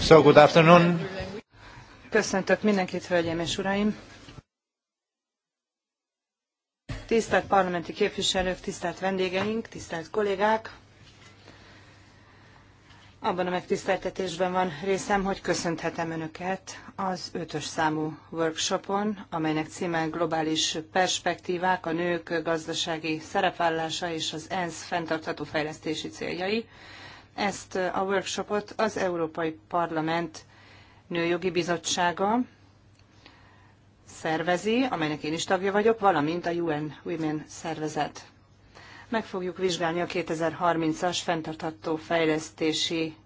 So good afternoon. Köszöntök mindenkit, hölgyeim és uraim! Tisztelt parlamenti képviselők, tisztelt vendégeink, tisztelt kollégák! Abban a megtiszteltetésben van részem, hogy köszönthetem Önöket az ötös számú workshopon, amelynek címe Globális perspektívák, a nők gazdasági szerepvállása és az ENSZ fenntartható fejlesztési céljai. Ezt a workshopot az Európai Parlament Nőjogi Bizottsága szervezi, amelynek én is tagja vagyok, valamint a UN Women szervezet. Meg fogjuk vizsgálni a 2030-as fenntartható fejlesztési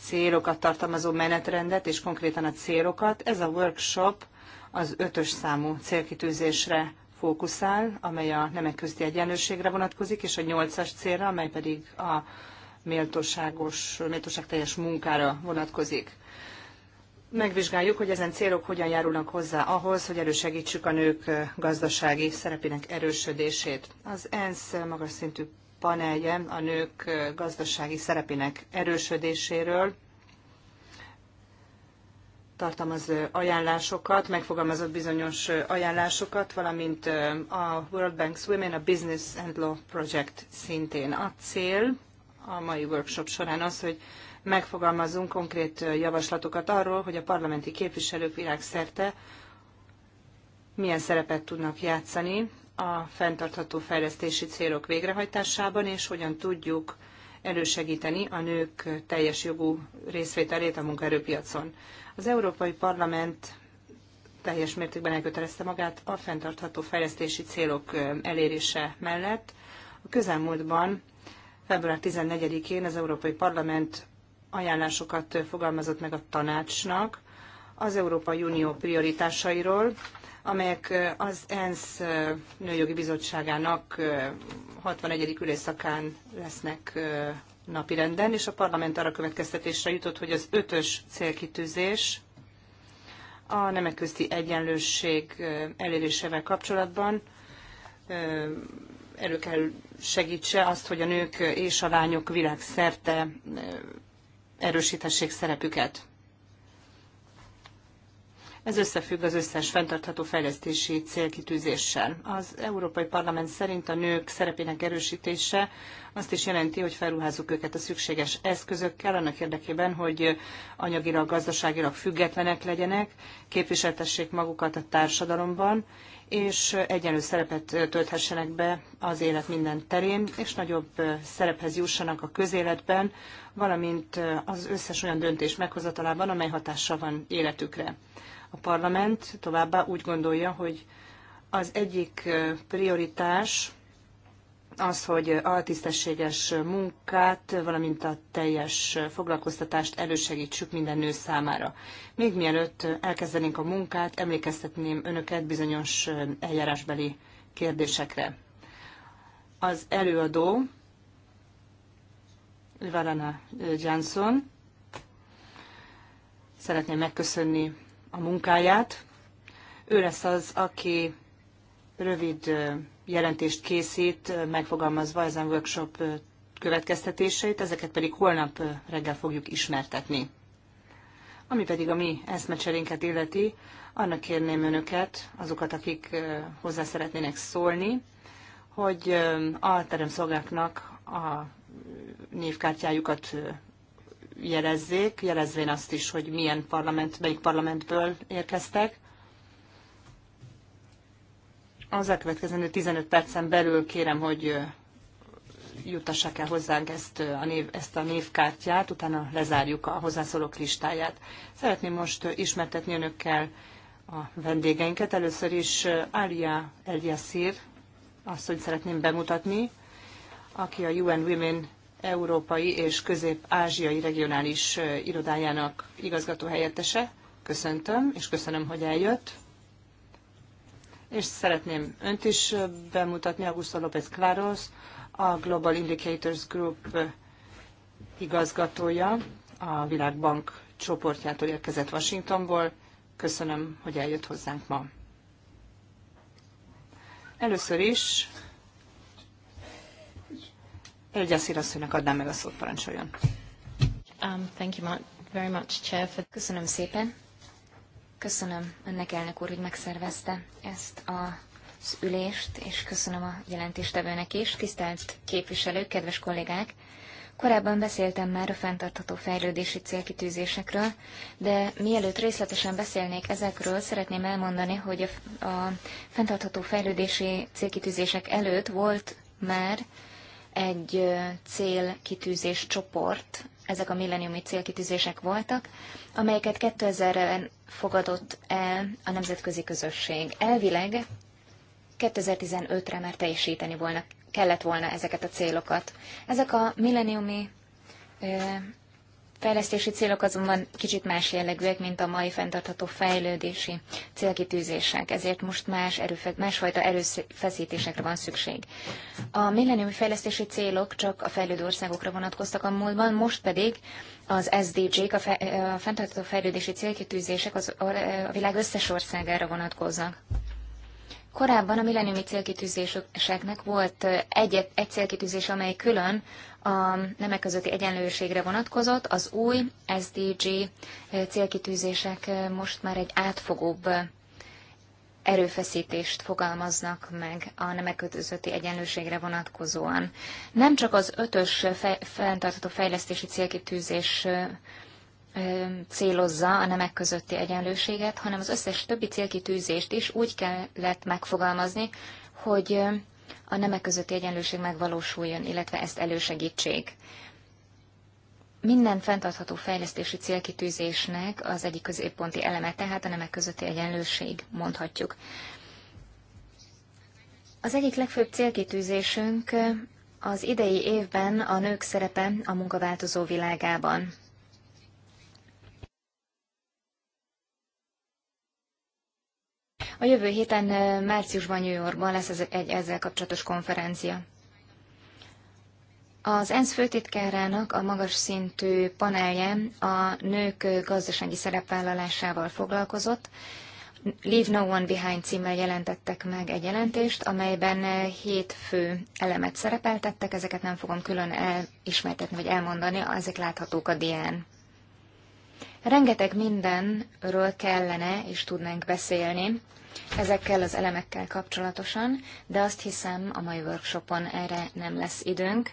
célokat tartalmazó menetrendet és konkrétan a célokat. Ez a workshop az ötös számú célkitűzésre fókuszál, amely a nemek közti egyenlőségre vonatkozik, és a nyolcas célra, amely pedig a méltóságos, méltóságteljes munkára vonatkozik megvizsgáljuk, hogy ezen célok hogyan járulnak hozzá ahhoz, hogy elősegítsük a nők gazdasági szerepének erősödését. Az ENSZ magas szintű panelje a nők gazdasági szerepének erősödéséről tartalmaz ajánlásokat, megfogalmazott bizonyos ajánlásokat, valamint a World Bank's Women, a Business and Law Project szintén. A cél a mai workshop során az, hogy megfogalmazzunk konkrét javaslatokat arról, hogy a parlamenti képviselők világszerte milyen szerepet tudnak játszani a fenntartható fejlesztési célok végrehajtásában, és hogyan tudjuk elősegíteni a nők teljes jogú részvételét a munkaerőpiacon. Az Európai Parlament teljes mértékben elkötelezte magát a fenntartható fejlesztési célok elérése mellett. A közelmúltban, február 14-én az Európai Parlament ajánlásokat fogalmazott meg a tanácsnak az Európai Unió prioritásairól, amelyek az ENSZ Nőjogi Bizottságának 61. ülésszakán lesznek napirenden, és a parlament arra következtetésre jutott, hogy az ötös célkitűzés a nemek közti egyenlőség elérésével kapcsolatban elő kell segítse azt, hogy a nők és a lányok világszerte erősíthessék szerepüket. Ez összefügg az összes fenntartható fejlesztési célkitűzéssel. Az Európai Parlament szerint a nők szerepének erősítése azt is jelenti, hogy felruházzuk őket a szükséges eszközökkel, annak érdekében, hogy anyagilag, gazdaságilag függetlenek legyenek, képviseltessék magukat a társadalomban, és egyenlő szerepet tölthessenek be az élet minden terén, és nagyobb szerephez jussanak a közéletben, valamint az összes olyan döntés meghozatalában, amely hatással van életükre. A parlament továbbá úgy gondolja, hogy az egyik prioritás az, hogy a tisztességes munkát, valamint a teljes foglalkoztatást elősegítsük minden nő számára. Még mielőtt elkezdenénk a munkát, emlékeztetném önöket bizonyos eljárásbeli kérdésekre. Az előadó Varana Johnson. Szeretném megköszönni a munkáját. Ő lesz az, aki rövid jelentést készít, megfogalmazva ezen workshop következtetéseit, ezeket pedig holnap reggel fogjuk ismertetni. Ami pedig a mi eszmecserénket illeti, annak kérném önöket, azokat, akik hozzá szeretnének szólni, hogy a teremszolgáknak a névkártyájukat jelezzék, jelezvén azt is, hogy milyen parlament, melyik parlamentből érkeztek, az elkövetkezendő 15 percen belül kérem, hogy juttassák el hozzánk ezt a, név, ezt a névkártyát, utána lezárjuk a hozzászólók listáját. Szeretném most ismertetni önökkel a vendégeinket. Először is Alia Eliasir, azt, hogy szeretném bemutatni, aki a UN Women európai és közép-ázsiai regionális irodájának igazgató helyettese. Köszöntöm, és köszönöm, hogy eljött és szeretném önt is bemutatni, Augusto López Claros, a Global Indicators Group igazgatója, a Világbank csoportjától érkezett Washingtonból. Köszönöm, hogy eljött hozzánk ma. Először is Elgyászír asszonynak adnám meg a szót, parancsoljon. Um, thank you very much, Chair. For... Köszönöm szépen. Köszönöm ennek elnök úr, hogy megszervezte ezt a az ülést, és köszönöm a jelentéstevőnek is. Tisztelt képviselők, kedves kollégák! Korábban beszéltem már a fenntartható fejlődési célkitűzésekről, de mielőtt részletesen beszélnék ezekről, szeretném elmondani, hogy a, a fenntartható fejlődési célkitűzések előtt volt már egy célkitűzés csoport, ezek a milleniumi célkitűzések voltak, amelyeket 2000-ben fogadott el a nemzetközi közösség. Elvileg 2015-re már teljesíteni volna, kellett volna ezeket a célokat. Ezek a milleniumi fejlesztési célok azonban kicsit más jellegűek, mint a mai fenntartható fejlődési célkitűzések, ezért most más erőfe- másfajta erőfeszítésekre van szükség. A milleniumi fejlesztési célok csak a fejlődő országokra vonatkoztak a múltban, most pedig az SDG-k, a, fe- a fenntartható fejlődési célkitűzések az, a világ összes országára vonatkoznak. Korábban a milleniumi célkitűzéseknek volt egy, egy célkitűzés, amely külön a nemek közötti egyenlőségre vonatkozott, az új SDG célkitűzések most már egy átfogóbb erőfeszítést fogalmaznak meg a nemek közötti egyenlőségre vonatkozóan. Nem csak az ötös fe, fenntartható fejlesztési célkitűzés célozza a nemek közötti egyenlőséget, hanem az összes többi célkitűzést is úgy kellett megfogalmazni, hogy a nemek közötti egyenlőség megvalósuljon, illetve ezt elősegítsék. Minden fenntartható fejlesztési célkitűzésnek az egyik középponti eleme tehát a nemek közötti egyenlőség, mondhatjuk. Az egyik legfőbb célkitűzésünk az idei évben a nők szerepe a munkaváltozó világában. A jövő héten márciusban New Yorkban lesz ez egy ezzel kapcsolatos konferencia. Az ENSZ főtitkárának a magas szintű panelje a nők gazdasági szerepvállalásával foglalkozott. Leave No One Behind címmel jelentettek meg egy jelentést, amelyben hét fő elemet szerepeltettek, ezeket nem fogom külön elismertetni vagy elmondani, ezek láthatók a dián. Rengeteg mindenről kellene és tudnánk beszélni, ezekkel az elemekkel kapcsolatosan, de azt hiszem a mai workshopon erre nem lesz időnk.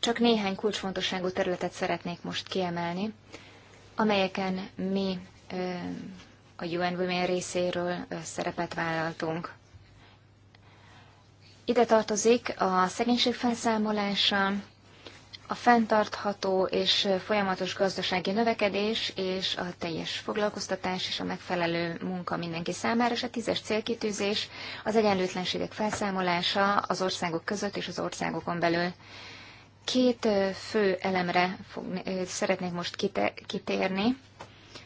Csak néhány kulcsfontosságú területet szeretnék most kiemelni, amelyeken mi a UN Women részéről szerepet vállaltunk. Ide tartozik a szegénység felszámolása, a fenntartható és folyamatos gazdasági növekedés és a teljes foglalkoztatás és a megfelelő munka mindenki számára, és a tízes célkitűzés az egyenlőtlenségek felszámolása az országok között és az országokon belül. Két fő elemre fog, szeretnék most kitérni,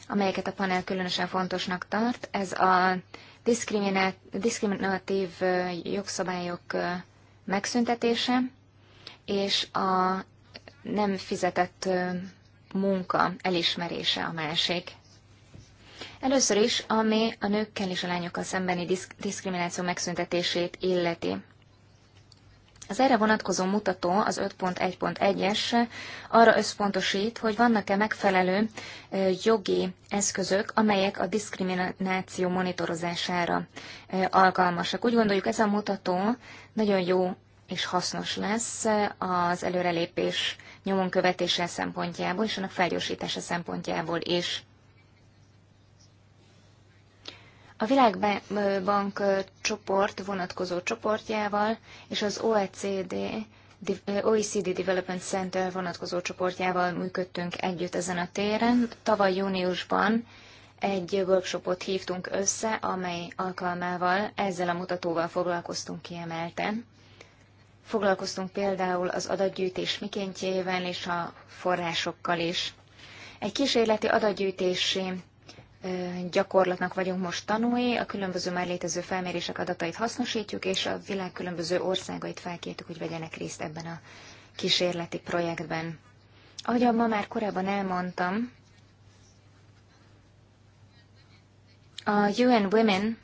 amelyeket a panel különösen fontosnak tart. Ez a diszkriminatív jogszabályok megszüntetése és a nem fizetett munka elismerése a másik. Először is, ami a nőkkel és a lányokkal szembeni diszk- diszkrimináció megszüntetését illeti. Az erre vonatkozó mutató, az 5.1.1-es, arra összpontosít, hogy vannak-e megfelelő jogi eszközök, amelyek a diszkrimináció monitorozására alkalmasak. Úgy gondoljuk, ez a mutató nagyon jó és hasznos lesz az előrelépés nyomon követése szempontjából és annak felgyorsítása szempontjából is. A Világbank csoport vonatkozó csoportjával és az OECD, OECD Development Center vonatkozó csoportjával működtünk együtt ezen a téren. Tavaly júniusban egy workshopot hívtunk össze, amely alkalmával ezzel a mutatóval foglalkoztunk kiemelten. Foglalkoztunk például az adatgyűjtés mikéntjével és a forrásokkal is. Egy kísérleti adatgyűjtési gyakorlatnak vagyunk most tanulói. a különböző már létező felmérések adatait hasznosítjuk, és a világ különböző országait felkértük, hogy vegyenek részt ebben a kísérleti projektben. Ahogy ma már korábban elmondtam, a UN Women,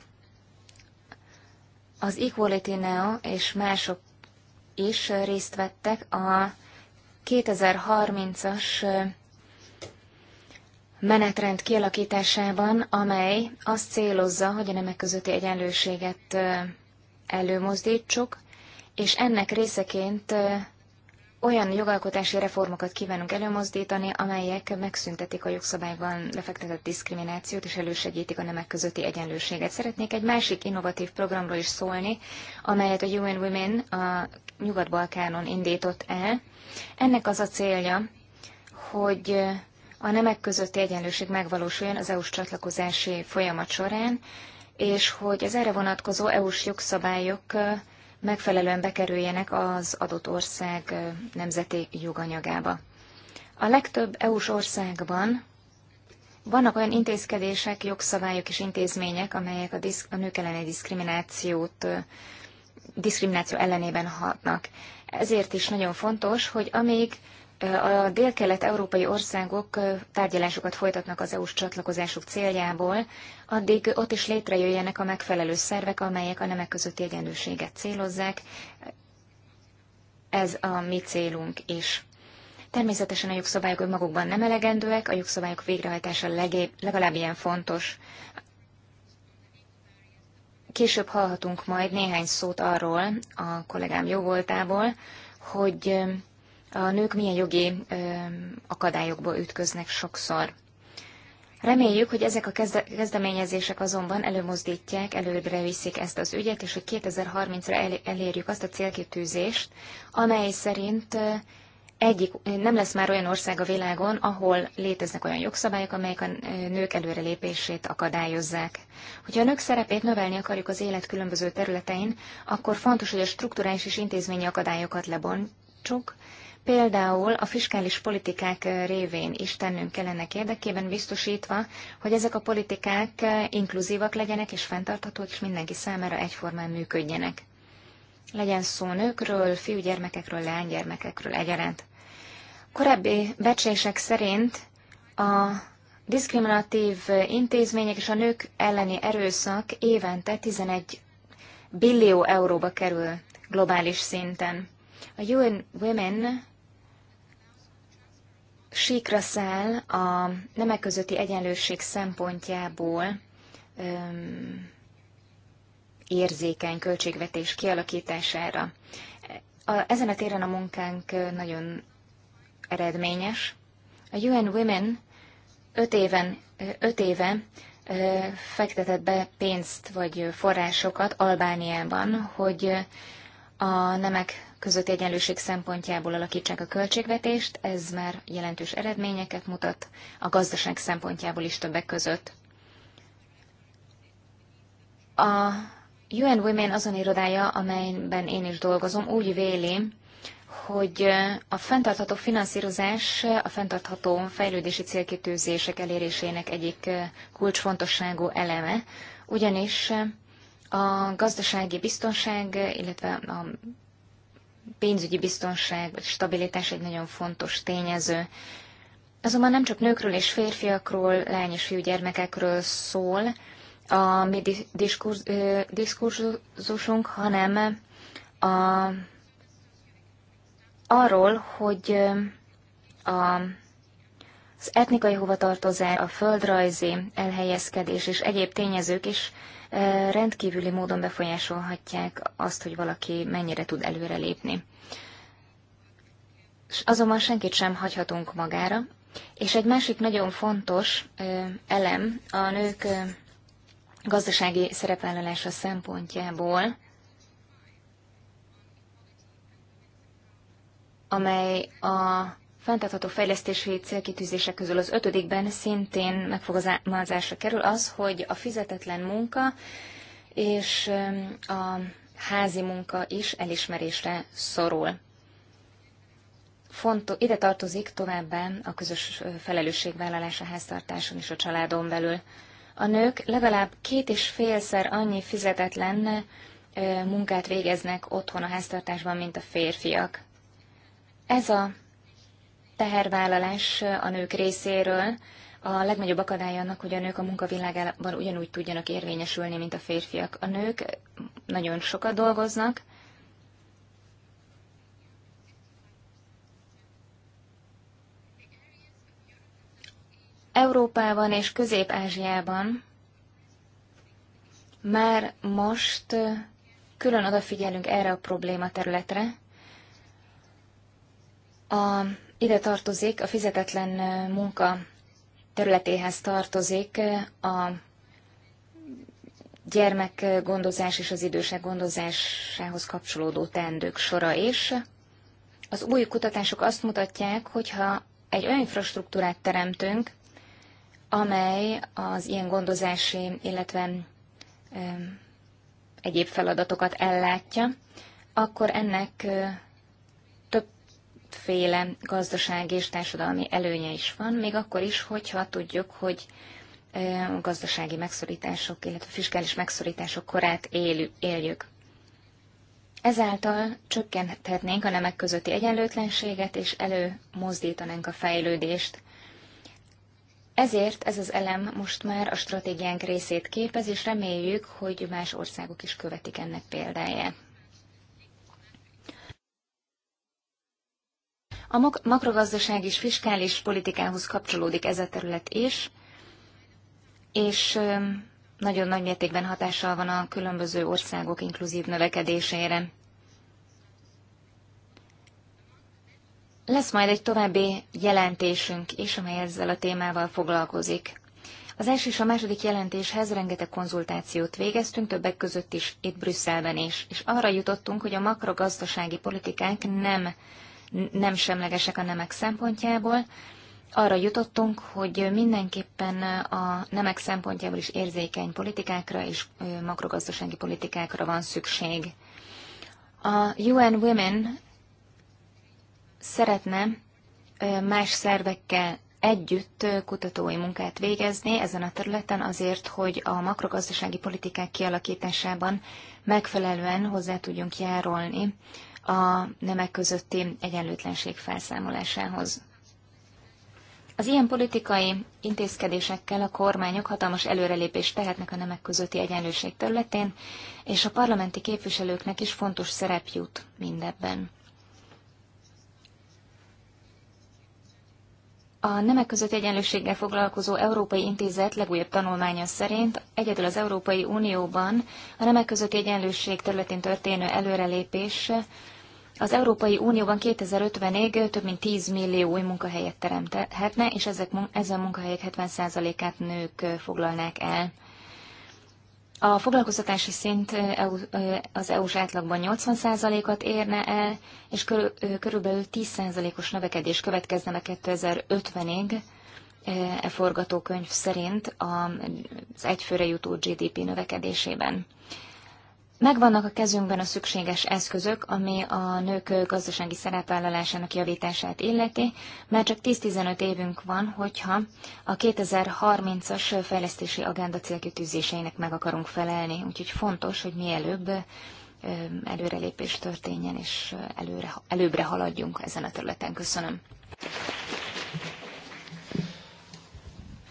az Equality Now és mások is részt vettek a 2030-as menetrend kialakításában, amely azt célozza, hogy a nemek közötti egyenlőséget előmozdítsuk, és ennek részeként olyan jogalkotási reformokat kívánunk előmozdítani, amelyek megszüntetik a jogszabályban lefektetett diszkriminációt és elősegítik a nemek közötti egyenlőséget. Szeretnék egy másik innovatív programról is szólni, amelyet a UN Women, a Nyugat-Balkánon indított el. Ennek az a célja, hogy a nemek közötti egyenlőség megvalósuljon az EU-s csatlakozási folyamat során, és hogy az erre vonatkozó EU-s jogszabályok megfelelően bekerüljenek az adott ország nemzeti joganyagába. A legtöbb EU-s országban vannak olyan intézkedések, jogszabályok és intézmények, amelyek a, diszk- a nők elleni diszkriminációt diszkrimináció ellenében hatnak. Ezért is nagyon fontos, hogy amíg a délkelet-európai országok tárgyalásokat folytatnak az EU-s csatlakozásuk céljából, addig ott is létrejöjjenek a megfelelő szervek, amelyek a nemek közötti egyenlőséget célozzák. Ez a mi célunk is. Természetesen a jogszabályok önmagukban nem elegendőek, a jogszabályok végrehajtása legébb, legalább ilyen fontos. Később hallhatunk majd néhány szót arról a kollégám jóvoltából, hogy a nők milyen jogi akadályokba ütköznek sokszor. Reméljük, hogy ezek a kezdeményezések azonban előmozdítják, előbbre viszik ezt az ügyet, és hogy 2030-ra elérjük azt a célkitűzést, amely szerint egyik, nem lesz már olyan ország a világon, ahol léteznek olyan jogszabályok, amelyek a nők előrelépését akadályozzák. Hogyha a nők szerepét növelni akarjuk az élet különböző területein, akkor fontos, hogy a strukturális és intézményi akadályokat lebontsuk, Például a fiskális politikák révén is tennünk ennek érdekében biztosítva, hogy ezek a politikák inkluzívak legyenek és fenntarthatók, és mindenki számára egyformán működjenek legyen szó nőkről, fiúgyermekekről, lánygyermekekről egyaránt. Korábbi becslések szerint a diszkriminatív intézmények és a nők elleni erőszak évente 11 billió euróba kerül globális szinten. A UN Women síkra száll a nemek közötti egyenlőség szempontjából öm, érzékeny költségvetés kialakítására. A, ezen a téren a munkánk nagyon eredményes. A UN Women öt, éven, öt éve fektetett be pénzt vagy forrásokat Albániában, hogy a nemek közötti egyenlőség szempontjából alakítsák a költségvetést, ez már jelentős eredményeket mutat a gazdaság szempontjából is többek között. A UN Women azon irodája, amelyben én is dolgozom, úgy véli, hogy a fenntartható finanszírozás a fenntartható fejlődési célkitűzések elérésének egyik kulcsfontosságú eleme, ugyanis a gazdasági biztonság, illetve a pénzügyi biztonság vagy stabilitás egy nagyon fontos tényező. Azonban nem csak nőkről és férfiakról, lány és fiú gyermekekről szól, a mi diskurzusunk, hanem a, arról, hogy a, az etnikai hovatartozás, a földrajzi elhelyezkedés és egyéb tényezők is rendkívüli módon befolyásolhatják azt, hogy valaki mennyire tud előrelépni. Azonban senkit sem hagyhatunk magára, és egy másik nagyon fontos elem a nők gazdasági szerepvállalása szempontjából, amely a fenntartható fejlesztési célkitűzések közül az ötödikben szintén megfogalmazásra kerül az, hogy a fizetetlen munka és um, a házi munka is elismerésre szorul. Fonto, ide tartozik továbbá a közös felelősségvállalás a háztartáson és a családon belül a nők legalább két és félszer annyi fizetetlen munkát végeznek otthon a háztartásban, mint a férfiak. Ez a tehervállalás a nők részéről a legnagyobb akadály annak, hogy a nők a munkavilágában ugyanúgy tudjanak érvényesülni, mint a férfiak. A nők nagyon sokat dolgoznak, Európában és Közép-Ázsiában már most külön odafigyelünk erre a probléma területre. A, ide tartozik, a fizetetlen munka területéhez tartozik a gyermekgondozás és az idősek gondozásához kapcsolódó teendők sora is. Az új kutatások azt mutatják, hogy ha egy olyan infrastruktúrát teremtünk, amely az ilyen gondozási, illetve egyéb feladatokat ellátja, akkor ennek többféle gazdasági és társadalmi előnye is van, még akkor is, hogyha tudjuk, hogy gazdasági megszorítások, illetve fiskális megszorítások korát éljük. Ezáltal csökkenthetnénk a nemek közötti egyenlőtlenséget, és előmozdítanánk a fejlődést. Ezért ez az elem most már a stratégiánk részét képez, és reméljük, hogy más országok is követik ennek példáját. A makrogazdaság és fiskális politikához kapcsolódik ez a terület is, és nagyon nagy mértékben hatással van a különböző országok inkluzív növekedésére. Lesz majd egy további jelentésünk is, amely ezzel a témával foglalkozik. Az első és a második jelentéshez rengeteg konzultációt végeztünk, többek között is itt Brüsszelben is, és arra jutottunk, hogy a makrogazdasági politikák nem, nem semlegesek a nemek szempontjából, arra jutottunk, hogy mindenképpen a nemek szempontjából is érzékeny politikákra és makrogazdasági politikákra van szükség. A UN Women szeretne más szervekkel együtt kutatói munkát végezni ezen a területen azért, hogy a makrogazdasági politikák kialakításában megfelelően hozzá tudjunk járulni a nemek közötti egyenlőtlenség felszámolásához. Az ilyen politikai intézkedésekkel a kormányok hatalmas előrelépést tehetnek a nemek közötti egyenlőség területén, és a parlamenti képviselőknek is fontos szerep jut mindebben. A nemek között egyenlőséggel foglalkozó Európai Intézet legújabb tanulmánya szerint egyedül az Európai Unióban a nemek között egyenlőség területén történő előrelépés az Európai Unióban 2050-ig több mint 10 millió új munkahelyet teremthetne, és ezek, ezen munkahelyek 70%-át nők foglalnák el. A foglalkoztatási szint az EU-s átlagban 80 ot érne el, és körülbelül 10%-os növekedés következne a 2050-ig, e forgatókönyv szerint az egyfőre jutó GDP növekedésében. Megvannak a kezünkben a szükséges eszközök, ami a nők gazdasági szerepvállalásának javítását illeti, már csak 10-15 évünk van, hogyha a 2030-as fejlesztési agenda célkitűzéseinek meg akarunk felelni, úgyhogy fontos, hogy mielőbb előrelépés történjen, és előre, előbbre haladjunk ezen a területen. Köszönöm.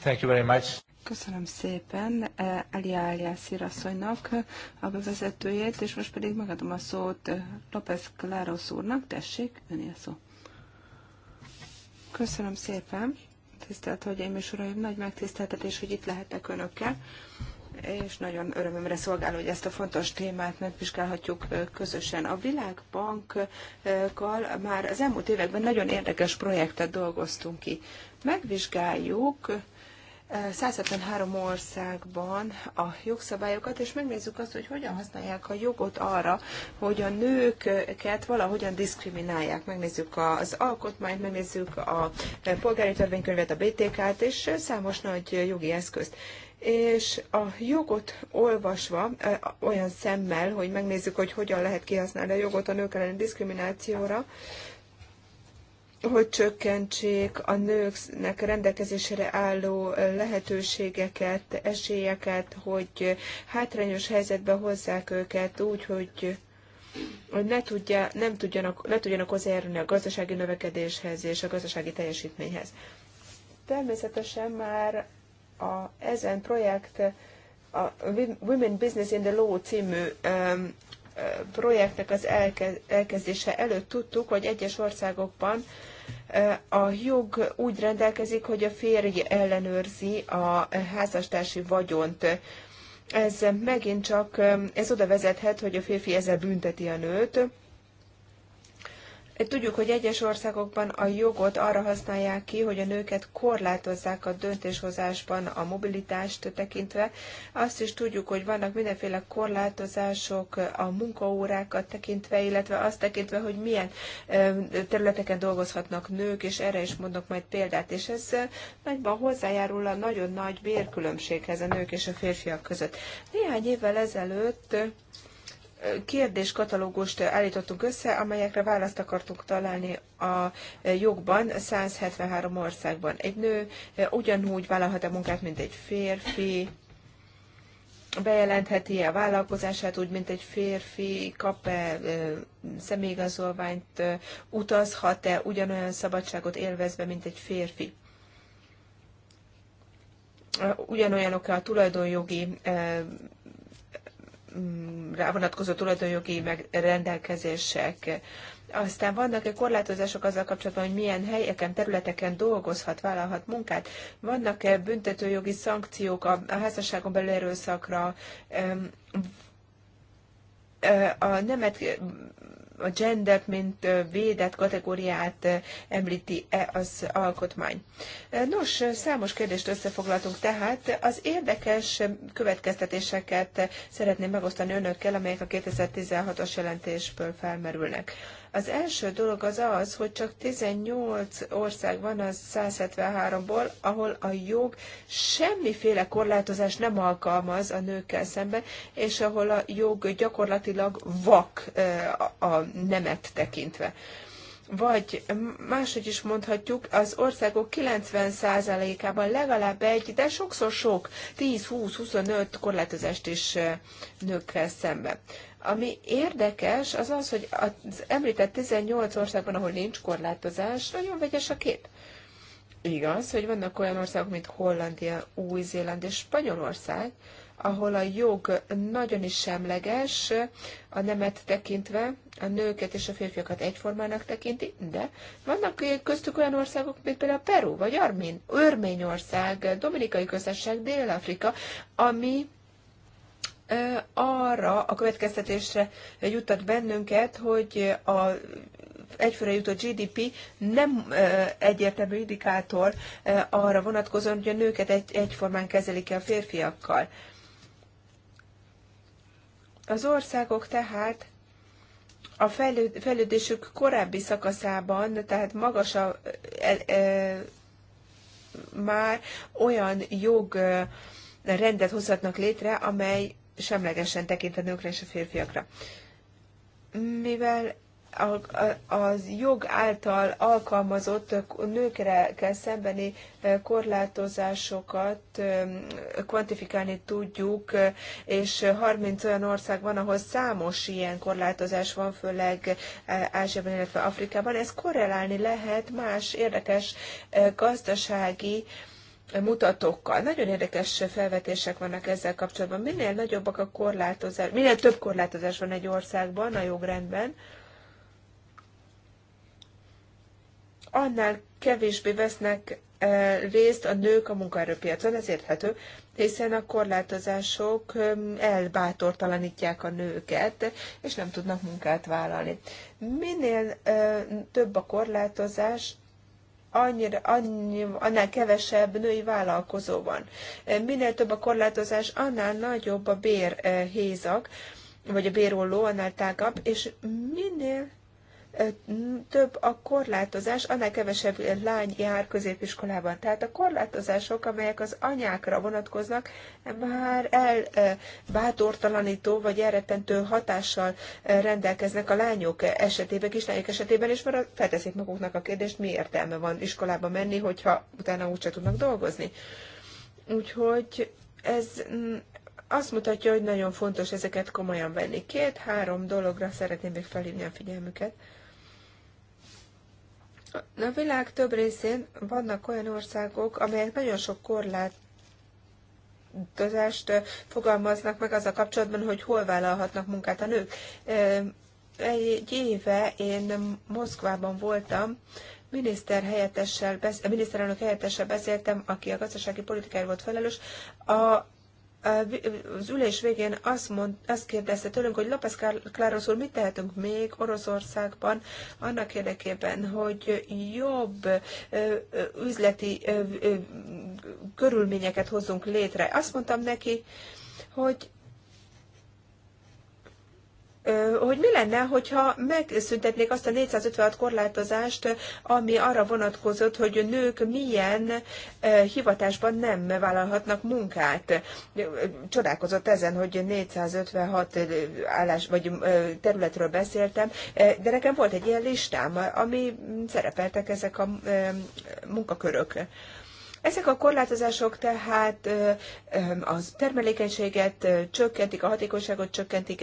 Thank you very much. Köszönöm szépen Elia eh, Elia Szirasszonynak a bevezetőjét, és most pedig megadom a szót eh, López Kláros úrnak. Tessék, önél szó. Köszönöm szépen. Tisztelt Hölgyeim és Uraim, nagy megtiszteltetés, hogy itt lehetek Önökkel, és nagyon örömömre szolgál, hogy ezt a fontos témát megvizsgálhatjuk eh, közösen. A Világbankkal már az elmúlt években nagyon érdekes projektet dolgoztunk ki. Megvizsgáljuk 173 országban a jogszabályokat, és megnézzük azt, hogy hogyan használják a jogot arra, hogy a nőket valahogyan diszkriminálják. Megnézzük az alkotmányt, megnézzük a polgári törvénykönyvet, a BTK-t, és számos nagy jogi eszközt és a jogot olvasva olyan szemmel, hogy megnézzük, hogy hogyan lehet kihasználni a jogot a nők elleni diszkriminációra, hogy csökkentsék a nőknek rendelkezésre álló lehetőségeket, esélyeket, hogy hátrányos helyzetbe hozzák őket úgy, hogy hogy ne, tudja, nem tudjanak, ne tudjanak hozzájárulni a gazdasági növekedéshez és a gazdasági teljesítményhez. Természetesen már a, ezen projekt, a Women Business in the Law című um, um projektnek az elkezdése előtt tudtuk, hogy egyes országokban a jog úgy rendelkezik, hogy a férj ellenőrzi a házastársi vagyont. Ez megint csak, ez oda vezethet, hogy a férfi ezzel bünteti a nőt, Tudjuk, hogy egyes országokban a jogot arra használják ki, hogy a nőket korlátozzák a döntéshozásban a mobilitást tekintve. Azt is tudjuk, hogy vannak mindenféle korlátozások a munkaórákat tekintve, illetve azt tekintve, hogy milyen területeken dolgozhatnak nők, és erre is mondok majd példát. És ez nagyban hozzájárul a nagyon nagy bérkülönbséghez a nők és a férfiak között. Néhány évvel ezelőtt kérdéskatalógust állítottunk össze, amelyekre választ akartunk találni a jogban 173 országban. Egy nő ugyanúgy vállalhat a munkát, mint egy férfi, bejelentheti-e a vállalkozását úgy, mint egy férfi, kap-e személyigazolványt, utazhat-e ugyanolyan szabadságot élvezve, mint egy férfi ugyanolyanok a tulajdonjogi Mm, rá vonatkozó tulajdonjogi meg rendelkezések. Aztán vannak-e korlátozások azzal kapcsolatban, hogy milyen helyeken, területeken dolgozhat, vállalhat munkát? Vannak-e büntetőjogi szankciók a házasságon belül erőszakra? A nemet a gender mint védett kategóriát említi-e az alkotmány. Nos, számos kérdést összefoglaltunk, tehát az érdekes következtetéseket szeretném megosztani önökkel, amelyek a 2016-os jelentésből felmerülnek. Az első dolog az az, hogy csak 18 ország van az 173-ból, ahol a jog semmiféle korlátozást nem alkalmaz a nőkkel szemben, és ahol a jog gyakorlatilag vak a nemet tekintve. Vagy máshogy is mondhatjuk, az országok 90%-ában legalább egy, de sokszor sok, 10-20-25 korlátozást is nőkkel szemben. Ami érdekes, az az, hogy az említett 18 országban, ahol nincs korlátozás, nagyon vegyes a kép. Igaz, hogy vannak olyan országok, mint Hollandia, Új-Zéland és Spanyolország, ahol a jog nagyon is semleges, a nemet tekintve, a nőket és a férfiakat egyformának tekinti, de vannak köztük olyan országok, mint például Peru, vagy Armin, Örményország, Dominikai Közösség, Dél-Afrika, ami arra a következtetésre juttat bennünket, hogy a egyfőre jutó GDP nem egyértelmű indikátor arra vonatkozóan, hogy a nőket egy, egyformán kezelik a férfiakkal. Az országok tehát a fejlődésük korábbi szakaszában, tehát magasabb e, e, már olyan jog rendet hozhatnak létre, amely semlegesen tekint a nőkre és a férfiakra. Mivel az jog által alkalmazott nőkre kell szembeni e, korlátozásokat e, kvantifikálni tudjuk, e, és 30 olyan ország van, ahol számos ilyen korlátozás van, főleg Ázsiában, illetve Afrikában. Ez korrelálni lehet más érdekes gazdasági mutatókkal. Nagyon érdekes felvetések vannak ezzel kapcsolatban. Minél nagyobbak a korlátozás, minél több korlátozás van egy országban a jogrendben, annál kevésbé vesznek eh, részt a nők a munkaerőpiacon, ez érthető, hiszen a korlátozások eh, elbátortalanítják a nőket, és nem tudnak munkát vállalni. Minél eh, több a korlátozás, annyira, annyi, annál kevesebb női vállalkozó van. Minél több a korlátozás, annál nagyobb a bérhézak, vagy a bérolló, annál tágabb, és minél több a korlátozás, annál kevesebb lány jár középiskolában. Tehát a korlátozások, amelyek az anyákra vonatkoznak, már elbátortalanító vagy elrettentő hatással rendelkeznek a lányok esetében, kislányok esetében, és már felteszik maguknak a kérdést, mi értelme van iskolába menni, hogyha utána úgyse tudnak dolgozni. Úgyhogy ez azt mutatja, hogy nagyon fontos ezeket komolyan venni. Két-három dologra szeretném még felhívni a figyelmüket. A világ több részén vannak olyan országok, amelyek nagyon sok korlát korlátozást fogalmaznak meg az a kapcsolatban, hogy hol vállalhatnak munkát a nők. Egy éve én Moszkvában voltam, miniszter helyettessel, miniszterelnök helyettessel beszéltem, aki a gazdasági politikáért volt felelős. A az ülés végén azt, mond, azt kérdezte tőlünk, hogy López Kláros úr, mit tehetünk még Oroszországban annak érdekében, hogy jobb üzleti körülményeket hozzunk létre. Azt mondtam neki, hogy hogy mi lenne, hogyha megszüntetnék azt a 456 korlátozást, ami arra vonatkozott, hogy nők milyen eh, hivatásban nem vállalhatnak munkát. Csodálkozott ezen, hogy 456 eh, állás vagy eh, területről beszéltem, de nekem volt egy ilyen listám, ami szerepeltek ezek a munkakörök. Ezek a korlátozások tehát a termelékenységet csökkentik, a hatékonyságot csökkentik,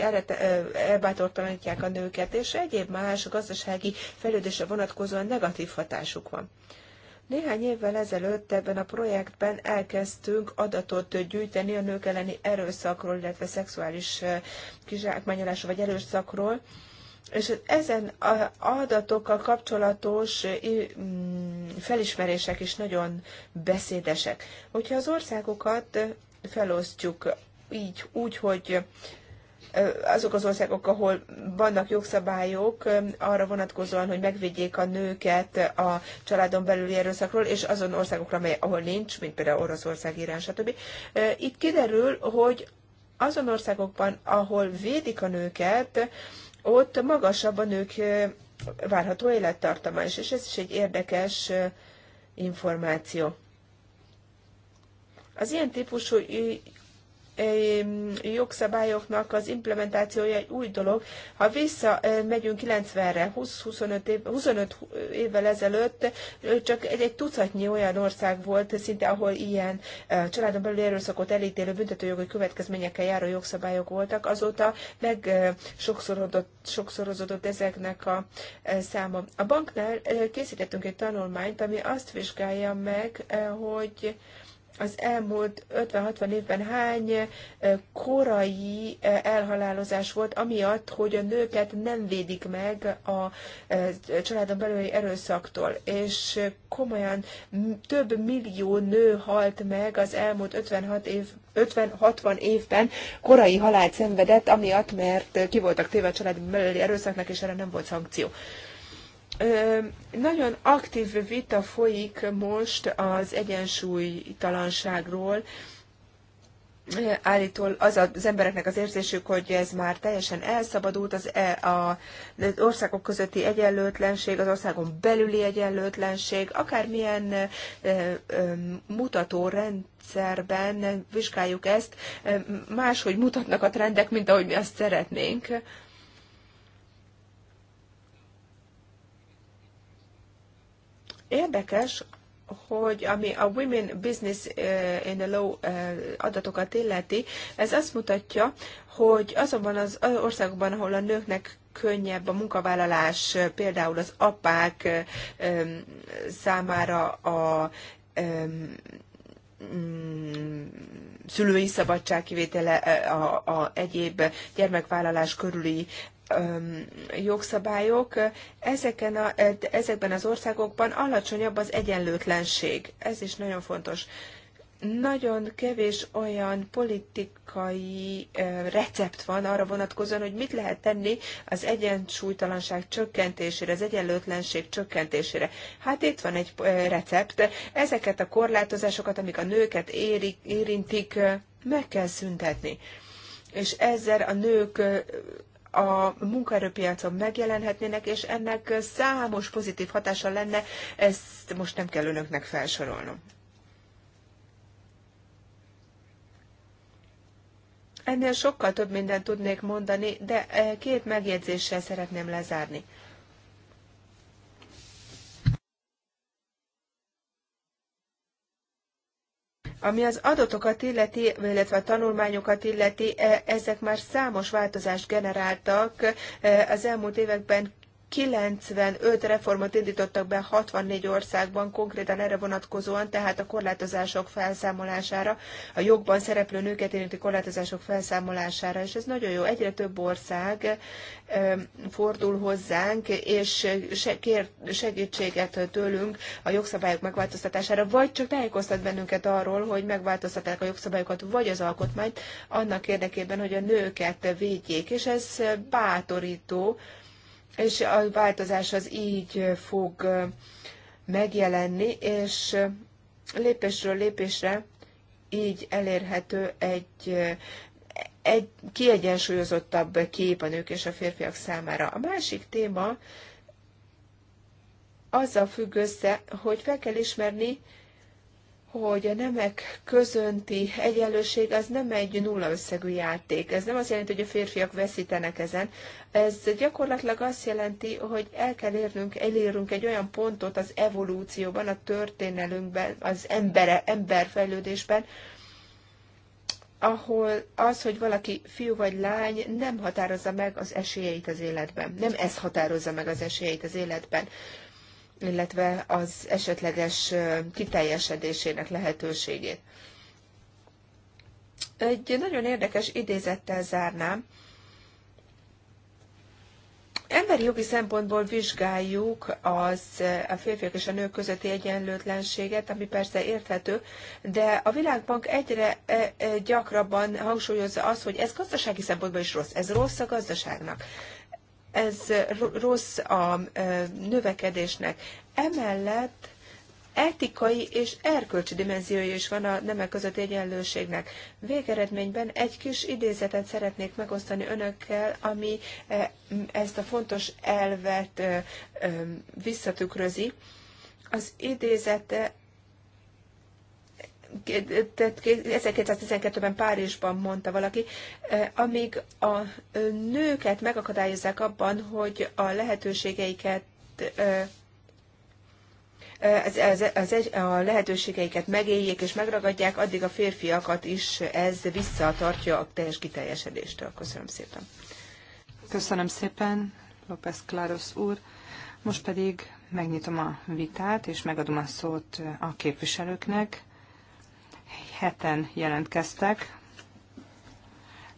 elbátortalanítják a nőket, és egyéb más gazdasági fejlődésre vonatkozóan negatív hatásuk van. Néhány évvel ezelőtt ebben a projektben elkezdtünk adatot gyűjteni a nők elleni erőszakról, illetve szexuális kizsákmányolásról vagy erőszakról, és ezen adatokkal kapcsolatos mm, felismerések is nagyon beszédesek. Hogyha az országokat felosztjuk így, úgy, hogy azok az országok, ahol vannak jogszabályok arra vonatkozóan, hogy megvédjék a nőket a családon belüli erőszakról, és azon országokra, amely, ahol nincs, mint például Oroszország, Irán, stb. Itt kiderül, hogy azon országokban, ahol védik a nőket, ott magasabb a nők várható élettartama is, és ez is egy érdekes információ. Az ilyen típusú jogszabályoknak az implementációja egy új dolog. Ha visszamegyünk 90-re, 20-25 év, 25 évvel ezelőtt csak egy, egy tucatnyi olyan ország volt szinte, ahol ilyen családon belül erőszakot elítélő büntetőjogi következményekkel járó jogszabályok voltak. Azóta meg sokszorozódott, sokszorozódott ezeknek a száma. A banknál készítettünk egy tanulmányt, ami azt vizsgálja meg, hogy az elmúlt 50-60 évben hány korai elhalálozás volt, amiatt, hogy a nőket nem védik meg a családon belüli erőszaktól, és komolyan több millió nő halt meg az elmúlt 56 év 50-60 évben korai halált szenvedett, amiatt, mert ki voltak téve a családon belüli erőszaknak, és erre nem volt szankció. Nagyon aktív vita folyik most az egyensúlytalanságról. Állítól az az embereknek az érzésük, hogy ez már teljesen elszabadult, az, e, a, az országok közötti egyenlőtlenség, az országon belüli egyenlőtlenség, akármilyen e, e, mutatórendszerben vizsgáljuk ezt, e, máshogy mutatnak a trendek, mint ahogy mi azt szeretnénk. E, Érdekes, hogy ami a Women Business eh, in the Law eh, adatokat illeti, ez azt mutatja, hogy azonban az országokban, ahol a nőknek könnyebb a munkavállalás, eh, például az apák számára a mm, szülői szabadság kivétele, a, a egyéb gyermekvállalás körüli jogszabályok, ezeken a, ezekben az országokban alacsonyabb az egyenlőtlenség. Ez is nagyon fontos. Nagyon kevés olyan politikai recept van arra vonatkozóan, hogy mit lehet tenni az egyensúlytalanság csökkentésére, az egyenlőtlenség csökkentésére. Hát itt van egy recept. Ezeket a korlátozásokat, amik a nőket érik, érintik, meg kell szüntetni és ezzel a nők a munkaerőpiacon megjelenhetnének, és ennek számos pozitív hatása lenne, ezt most nem kell önöknek felsorolnom. Ennél sokkal több mindent tudnék mondani, de eh, két megjegyzéssel szeretném lezárni. Ami az adatokat illeti, illetve a tanulmányokat illeti, e, ezek már számos változást generáltak e, az elmúlt években 95 reformot indítottak be 64 országban konkrétan erre vonatkozóan, tehát a korlátozások felszámolására, a jogban szereplő nőket érintő korlátozások felszámolására, és ez nagyon jó. Egyre több ország fordul hozzánk, és kér segítséget tőlünk a jogszabályok megváltoztatására, vagy csak tájékoztat bennünket arról, hogy megváltoztatják a jogszabályokat, vagy az alkotmányt, annak érdekében, hogy a nőket védjék. És ez bátorító, és a változás az így fog megjelenni, és lépésről lépésre így elérhető egy, egy kiegyensúlyozottabb kép a nők és a férfiak számára. A másik téma azzal függ össze, hogy fel kell ismerni, hogy a nemek közönti egyenlőség az nem egy nulla összegű játék. Ez nem azt jelenti, hogy a férfiak veszítenek ezen. Ez gyakorlatilag azt jelenti, hogy el kell érnünk, elérünk egy olyan pontot az evolúcióban, a történelünkben, az embere, emberfejlődésben, ahol az, hogy valaki fiú vagy lány nem határozza meg az esélyeit az életben. Nem ez határozza meg az esélyeit az életben illetve az esetleges kiteljesedésének lehetőségét. Egy nagyon érdekes idézettel zárnám. Emberi jogi szempontból vizsgáljuk az a férfiak és a nők közötti egyenlőtlenséget, ami persze érthető, de a Világbank egyre e, e, gyakrabban hangsúlyozza azt, hogy ez gazdasági szempontból is rossz. Ez rossz a gazdaságnak ez rossz a növekedésnek. Emellett etikai és erkölcsi dimenziója is van a nemek közötti egyenlőségnek. Végeredményben egy kis idézetet szeretnék megosztani önökkel, ami ezt a fontos elvet visszatükrözi. Az idézete 1912-ben Párizsban mondta valaki, eh, amíg a eh, nőket megakadályozzák abban, hogy a lehetőségeiket eh, az, az, az egy, a lehetőségeiket megéljék és megragadják, addig a férfiakat is ez visszatartja a teljes kiteljesedéstől. Köszönöm szépen. Köszönöm szépen, López Klárosz úr. Most pedig megnyitom a vitát, és megadom a szót a képviselőknek heten jelentkeztek.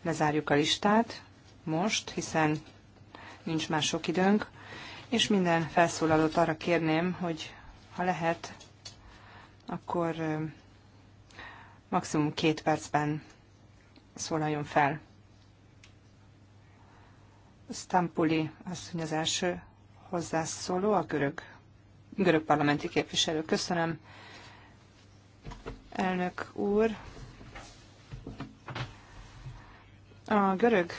Lezárjuk a listát most, hiszen nincs már sok időnk, és minden felszólalót arra kérném, hogy ha lehet, akkor maximum két percben szólaljon fel. Stampuli mondja az első hozzászóló, a görög, görög parlamenti képviselő. Köszönöm elnök úr. A görög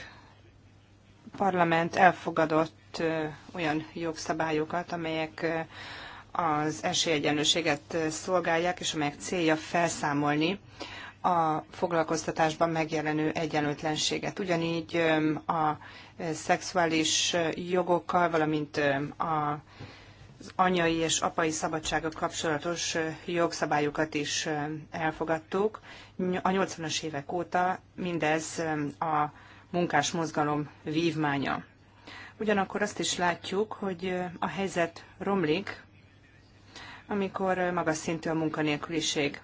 parlament elfogadott olyan jogszabályokat, amelyek az esélyegyenlőséget szolgálják, és amelyek célja felszámolni a foglalkoztatásban megjelenő egyenlőtlenséget. Ugyanígy a szexuális jogokkal, valamint a az anyai és apai szabadsága kapcsolatos jogszabályokat is elfogadtuk. A 80-as évek óta mindez a munkás mozgalom vívmánya. Ugyanakkor azt is látjuk, hogy a helyzet romlik, amikor magas szintű a munkanélküliség,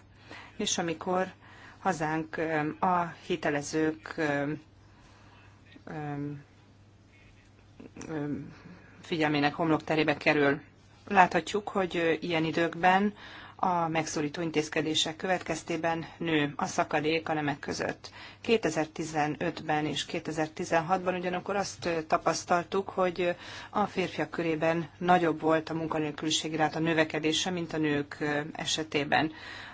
és amikor hazánk a hitelezők figyelmének homlokterébe kerül. Láthatjuk, hogy ilyen időkben a megszorító intézkedések következtében nő a szakadék a nemek között. 2015-ben és 2016-ban ugyanakkor azt tapasztaltuk, hogy a férfiak körében nagyobb volt a munkanélküliség a növekedése, mint a nők esetében.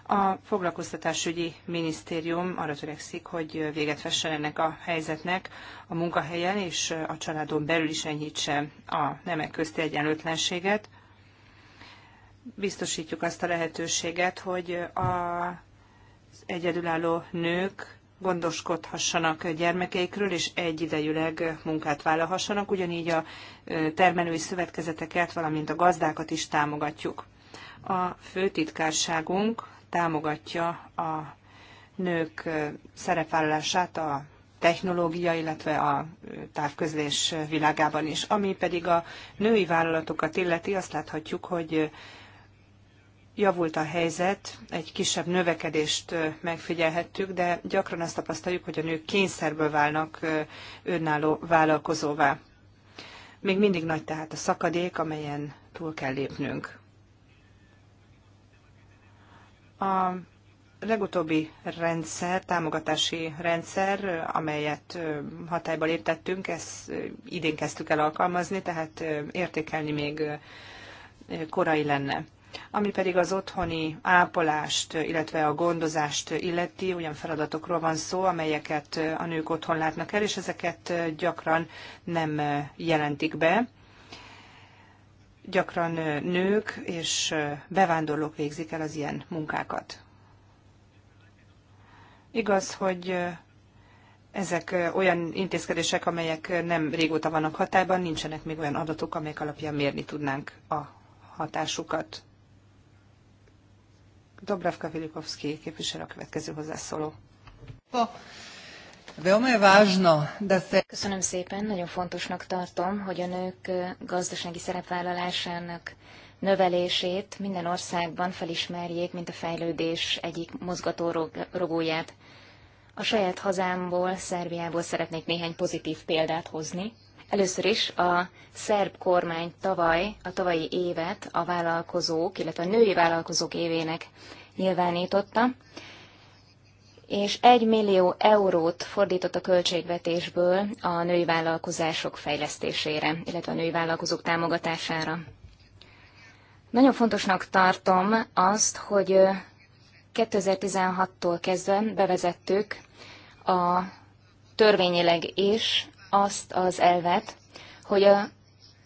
A foglalkoztatásügyi minisztérium arra törekszik, hogy véget vessen ennek a helyzetnek a munkahelyen és a családon belül is enyhítse a nemek közti egyenlőtlenséget biztosítjuk azt a lehetőséget, hogy az egyedülálló nők gondoskodhassanak gyermekeikről, és egyidejűleg munkát vállalhassanak. Ugyanígy a termelői szövetkezeteket, valamint a gazdákat is támogatjuk. A főtitkárságunk támogatja a nők szerepvállalását a technológia, illetve a távközlés világában is. Ami pedig a női vállalatokat illeti, azt láthatjuk, hogy javult a helyzet, egy kisebb növekedést megfigyelhettük, de gyakran azt tapasztaljuk, hogy a nők kényszerből válnak önálló vállalkozóvá. Még mindig nagy tehát a szakadék, amelyen túl kell lépnünk. A legutóbbi rendszer, támogatási rendszer, amelyet hatályba léptettünk, ezt idén kezdtük el alkalmazni, tehát értékelni még korai lenne. Ami pedig az otthoni ápolást, illetve a gondozást illeti, olyan feladatokról van szó, amelyeket a nők otthon látnak el, és ezeket gyakran nem jelentik be. Gyakran nők és bevándorlók végzik el az ilyen munkákat. Igaz, hogy ezek olyan intézkedések, amelyek nem régóta vannak hatályban, nincsenek még olyan adatok, amelyek alapján mérni tudnánk a hatásukat. Dobravka Filipovski, képviselő a következő hozzászóló. Köszönöm szépen, nagyon fontosnak tartom, hogy a nők gazdasági szerepvállalásának növelését minden országban felismerjék, mint a fejlődés egyik mozgatórugóját. A saját hazámból, Szerbiából szeretnék néhány pozitív példát hozni. Először is a szerb kormány tavaly, a tavalyi évet a vállalkozók, illetve a női vállalkozók évének nyilvánította, és egy millió eurót fordított a költségvetésből a női vállalkozások fejlesztésére, illetve a női vállalkozók támogatására. Nagyon fontosnak tartom azt, hogy 2016-tól kezdve bevezettük a törvényileg is azt az elvet, hogy a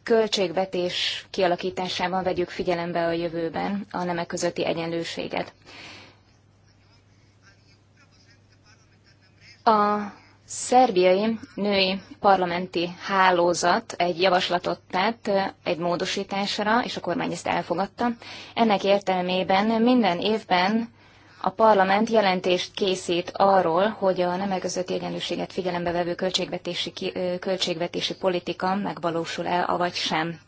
költségvetés kialakításában vegyük figyelembe a jövőben a nemek közötti egyenlőséget. A szerbiai női parlamenti hálózat egy javaslatot tett egy módosításra, és a kormány ezt elfogadta. Ennek értelmében minden évben a parlament jelentést készít arról, hogy a nemek közötti egyenlőséget figyelembe vevő költségvetési, költségvetési politika megvalósul-e, avagy sem.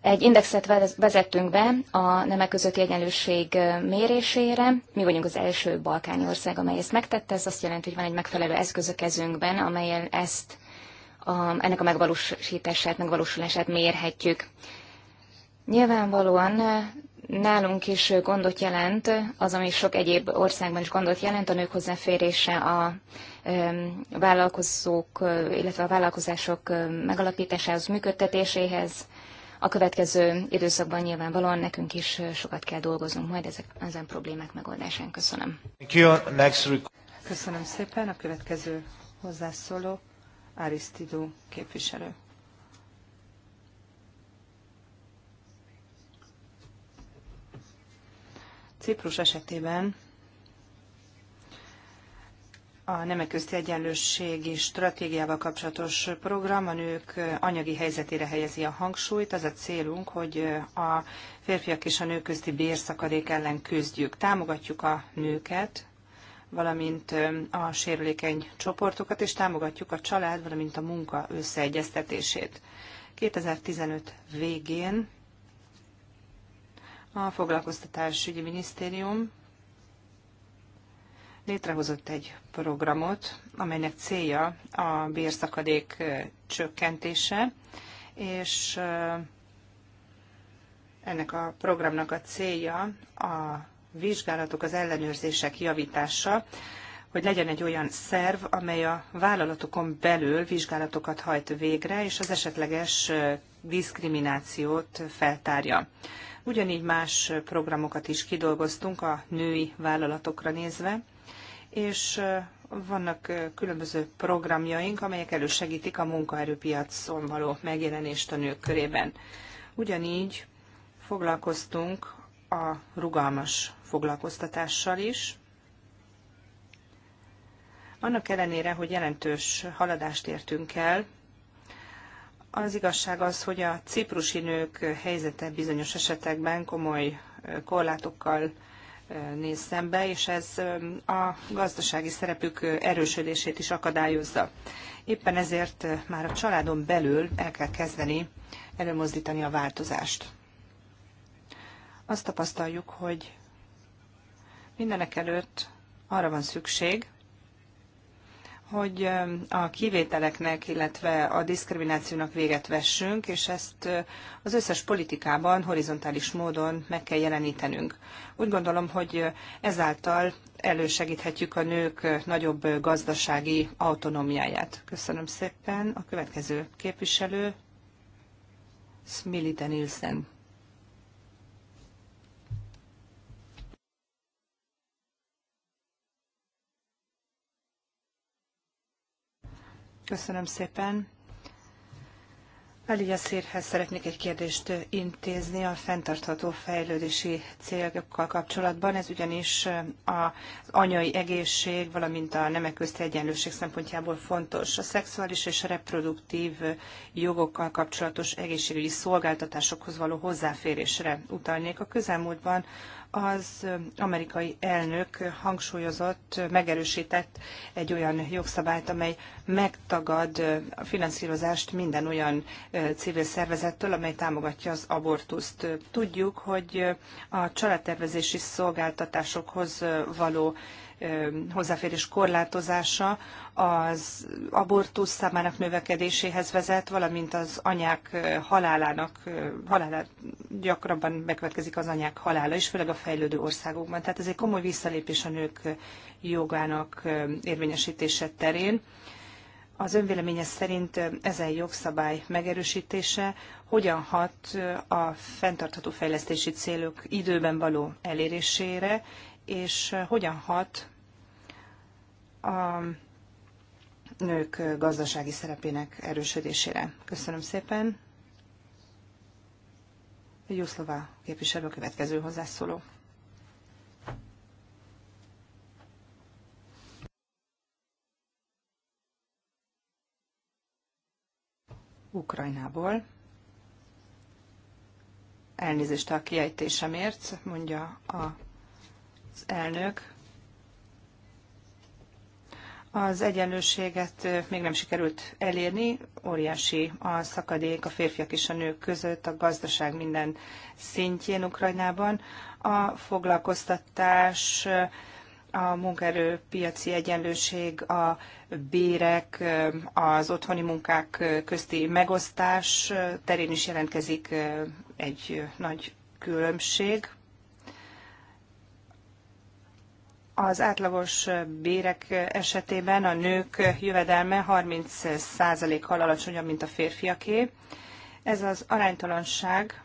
Egy indexet vezettünk be a nemek közötti egyenlőség mérésére. Mi vagyunk az első balkáni ország, amely ezt megtette. Ez azt jelenti, hogy van egy megfelelő eszköz a kezünkben, amelyen ezt, a, ennek a megvalósítását, megvalósulását mérhetjük. Nyilvánvalóan nálunk is gondot jelent, az, ami sok egyéb országban is gondot jelent, a nők hozzáférése a vállalkozók, illetve a vállalkozások megalapításához, működtetéséhez. A következő időszakban nyilvánvalóan nekünk is sokat kell dolgoznunk majd ezek, ezen problémák megoldásán. Köszönöm. Köszönöm szépen. A következő hozzászóló Arisztidó képviselő. Ciprus esetében a nemek közti egyenlőségi stratégiával kapcsolatos program a nők anyagi helyzetére helyezi a hangsúlyt. Az a célunk, hogy a férfiak és a nők közti bérszakadék ellen küzdjük. Támogatjuk a nőket, valamint a sérülékeny csoportokat, és támogatjuk a család, valamint a munka összeegyeztetését. 2015 végén a Foglalkoztatásügyi Minisztérium létrehozott egy programot, amelynek célja a bérszakadék csökkentése, és ennek a programnak a célja a vizsgálatok, az ellenőrzések javítása, hogy legyen egy olyan szerv, amely a vállalatokon belül vizsgálatokat hajt végre, és az esetleges diszkriminációt feltárja. Ugyanígy más programokat is kidolgoztunk a női vállalatokra nézve, és vannak különböző programjaink, amelyek elősegítik a munkaerőpiacon való megjelenést a nők körében. Ugyanígy foglalkoztunk a rugalmas foglalkoztatással is, annak ellenére, hogy jelentős haladást értünk el az igazság az, hogy a ciprusi nők helyzete bizonyos esetekben komoly korlátokkal néz szembe, és ez a gazdasági szerepük erősödését is akadályozza. Éppen ezért már a családon belül el kell kezdeni előmozdítani a változást. Azt tapasztaljuk, hogy mindenek előtt arra van szükség, hogy a kivételeknek, illetve a diszkriminációnak véget vessünk, és ezt az összes politikában horizontális módon meg kell jelenítenünk. Úgy gondolom, hogy ezáltal elősegíthetjük a nők nagyobb gazdasági autonómiáját. Köszönöm szépen. A következő képviselő Smilita Nielsen. Köszönöm szépen. Ali Yassirhez szeretnék egy kérdést intézni a fenntartható fejlődési célokkal kapcsolatban. Ez ugyanis az anyai egészség, valamint a nemek közti egyenlőség szempontjából fontos. A szexuális és reproduktív jogokkal kapcsolatos egészségügyi szolgáltatásokhoz való hozzáférésre utalnék. A közelmúltban az amerikai elnök hangsúlyozott, megerősített egy olyan jogszabályt, amely megtagad a finanszírozást minden olyan civil szervezettől, amely támogatja az abortuszt. Tudjuk, hogy a családtervezési szolgáltatásokhoz való hozzáférés korlátozása az abortusz számának növekedéséhez vezet, valamint az anyák halálának, halálát gyakrabban megkövetkezik az anyák halála is, főleg a fejlődő országokban. Tehát ez egy komoly visszalépés a nők jogának érvényesítése terén. Az önvéleménye szerint ezen jogszabály megerősítése hogyan hat a fenntartható fejlesztési célok időben való elérésére, és hogyan hat a nők gazdasági szerepének erősödésére. Köszönöm szépen. Jószlová képviselő a következő hozzászóló. Ukrajnából. Elnézést a kiejtésemért, mondja az elnök. Az egyenlőséget még nem sikerült elérni, óriási a szakadék a férfiak és a nők között, a gazdaság minden szintjén Ukrajnában. A foglalkoztatás a munkaerőpiaci egyenlőség, a bérek, az otthoni munkák közti megosztás terén is jelentkezik egy nagy különbség. Az átlagos bérek esetében a nők jövedelme 30%-kal alacsonyabb, mint a férfiaké. Ez az aránytalanság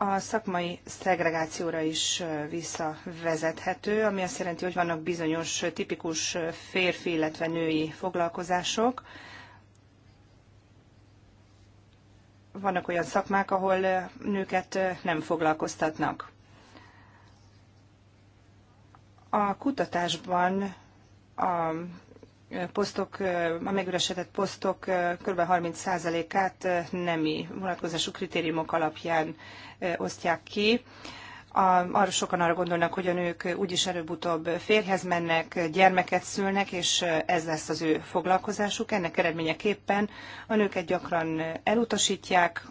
a szakmai szegregációra is visszavezethető, ami azt jelenti, hogy vannak bizonyos tipikus férfi, illetve női foglalkozások. Vannak olyan szakmák, ahol nőket nem foglalkoztatnak. A kutatásban a posztok, a megüresedett posztok kb. 30%-át nemi vonatkozású kritériumok alapján osztják ki. A, arra sokan arra gondolnak, hogy a nők úgyis előbb-utóbb férjhez mennek, gyermeket szülnek, és ez lesz az ő foglalkozásuk. Ennek eredményeképpen a nőket gyakran elutasítják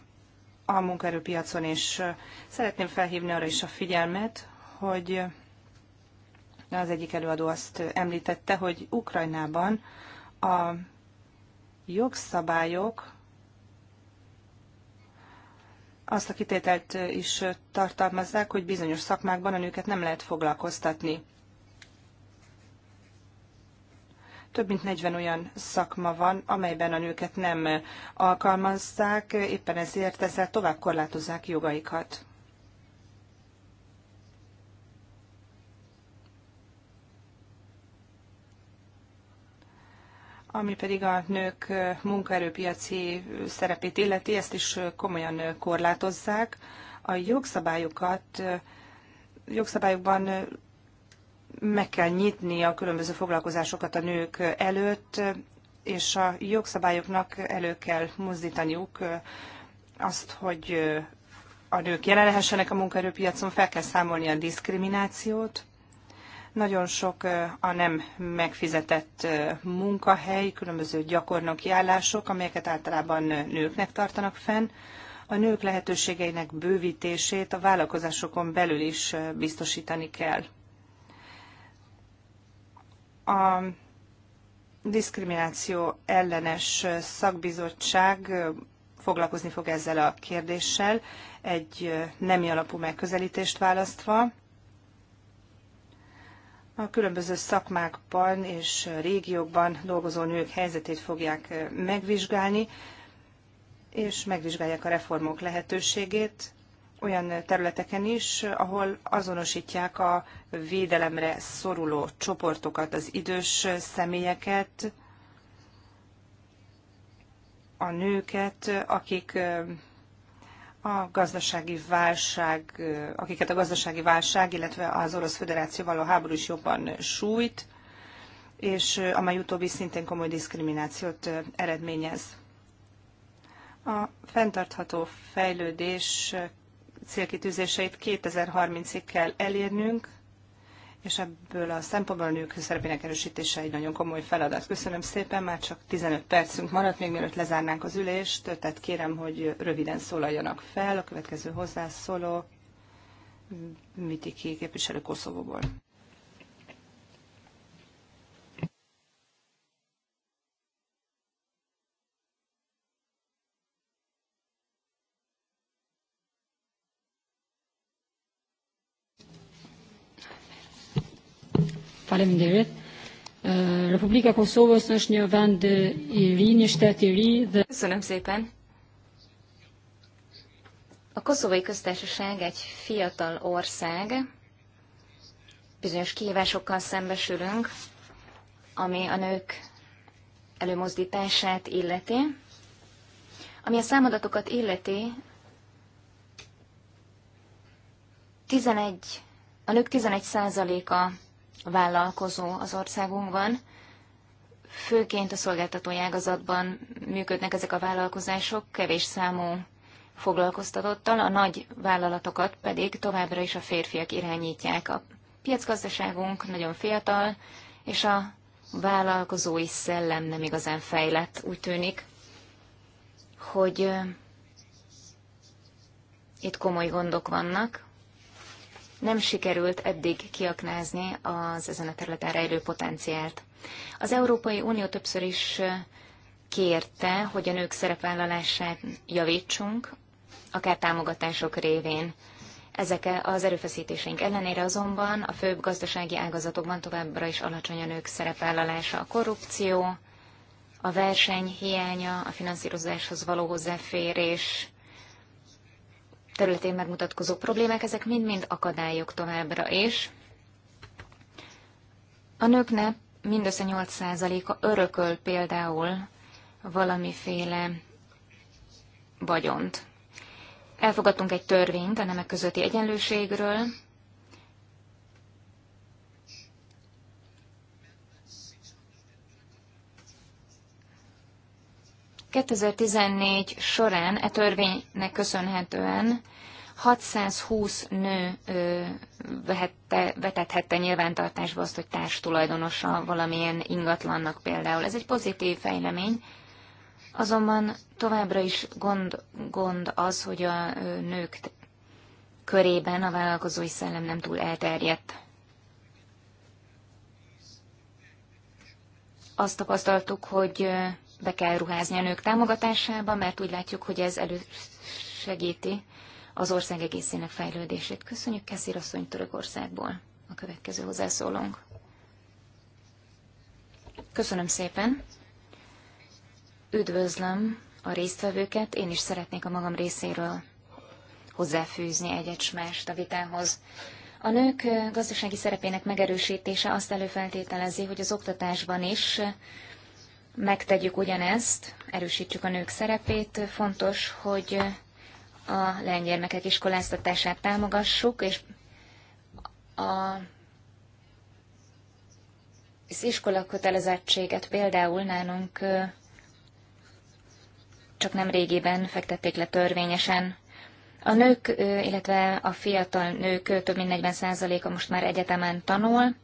a munkaerőpiacon, és szeretném felhívni arra is a figyelmet, hogy az egyik előadó azt említette, hogy Ukrajnában a jogszabályok azt a kitételt is tartalmazzák, hogy bizonyos szakmákban a nőket nem lehet foglalkoztatni. Több mint 40 olyan szakma van, amelyben a nőket nem alkalmazzák, éppen ezért ezzel tovább korlátozzák jogaikat. Ami pedig a nők munkaerőpiaci szerepét illeti, ezt is komolyan korlátozzák. A jogszabályokat, jogszabályokban meg kell nyitni a különböző foglalkozásokat a nők előtt, és a jogszabályoknak elő kell mozdítaniuk azt, hogy a nők jelen lehessenek a munkaerőpiacon, fel kell számolni a diszkriminációt, nagyon sok a nem megfizetett munkahely, különböző gyakornoki állások, amelyeket általában nőknek tartanak fenn. A nők lehetőségeinek bővítését a vállalkozásokon belül is biztosítani kell. A diszkrimináció ellenes szakbizottság foglalkozni fog ezzel a kérdéssel, egy nemi alapú megközelítést választva a különböző szakmákban és régiókban dolgozó nők helyzetét fogják megvizsgálni, és megvizsgálják a reformok lehetőségét olyan területeken is, ahol azonosítják a védelemre szoruló csoportokat, az idős személyeket, a nőket, akik a gazdasági válság, akiket a gazdasági válság, illetve az Orosz Föderáció való háború is jobban sújt, és amely utóbbi szintén komoly diszkriminációt eredményez. A fenntartható fejlődés célkitűzéseit 2030-ig kell elérnünk, és ebből a szempontból a nők szerepének erősítése egy nagyon komoly feladat. Köszönöm szépen, már csak 15 percünk maradt, még mielőtt lezárnánk az ülést, tehát kérem, hogy röviden szólaljanak fel. A következő hozzászóló Mitiki képviselő Koszovóból. Faleminderit. E, Republika Koszovos është një vend i ri, një shtet i ri dhe... Köszönöm szépen! A Kosovai köztársaság egy fiatal ország, bizonyos kihívásokkal szembesülünk, ami a nők előmozdítását illeti. Ami a számadatokat illeti, 11, a nők 11%-a vállalkozó az országunkban. Főként a szolgáltatói ágazatban működnek ezek a vállalkozások, kevés számú foglalkoztatottal, a nagy vállalatokat pedig továbbra is a férfiak irányítják. A piacgazdaságunk nagyon fiatal, és a vállalkozói szellem nem igazán fejlett. Úgy tűnik, hogy itt komoly gondok vannak nem sikerült eddig kiaknázni az ezen a területen rejlő potenciált. Az Európai Unió többször is kérte, hogy a nők szerepvállalását javítsunk, akár támogatások révén. Ezek e- az erőfeszítéseink ellenére azonban a főbb gazdasági ágazatokban továbbra is alacsony a nők szerepvállalása, a korrupció, a verseny hiánya, a finanszírozáshoz való hozzáférés, területén megmutatkozó problémák, ezek mind-mind akadályok továbbra is. A nőknek mindössze 8%-a örököl például valamiféle vagyont. Elfogadtunk egy törvényt a nemek közötti egyenlőségről, 2014 során e törvénynek köszönhetően 620 nő ö, vehette, vetethette nyilvántartásba azt, hogy tulajdonosa valamilyen ingatlannak például. Ez egy pozitív fejlemény, azonban továbbra is gond, gond az, hogy a nők körében a vállalkozói szellem nem túl elterjedt. Azt tapasztaltuk, hogy be kell ruházni a nők támogatásába, mert úgy látjuk, hogy ez elősegíti az ország egészének fejlődését. Köszönjük Keszir asszony Törökországból a következő hozzászólónk. Köszönöm szépen. Üdvözlöm a résztvevőket. Én is szeretnék a magam részéről hozzáfűzni egy-egy a vitához. A nők gazdasági szerepének megerősítése azt előfeltételezi, hogy az oktatásban is megtegyük ugyanezt, erősítsük a nők szerepét. Fontos, hogy a lengyermekek iskoláztatását támogassuk, és a az iskola kötelezettséget például nálunk csak nem régiben fektették le törvényesen. A nők, illetve a fiatal nők több mint 40%-a most már egyetemen tanul.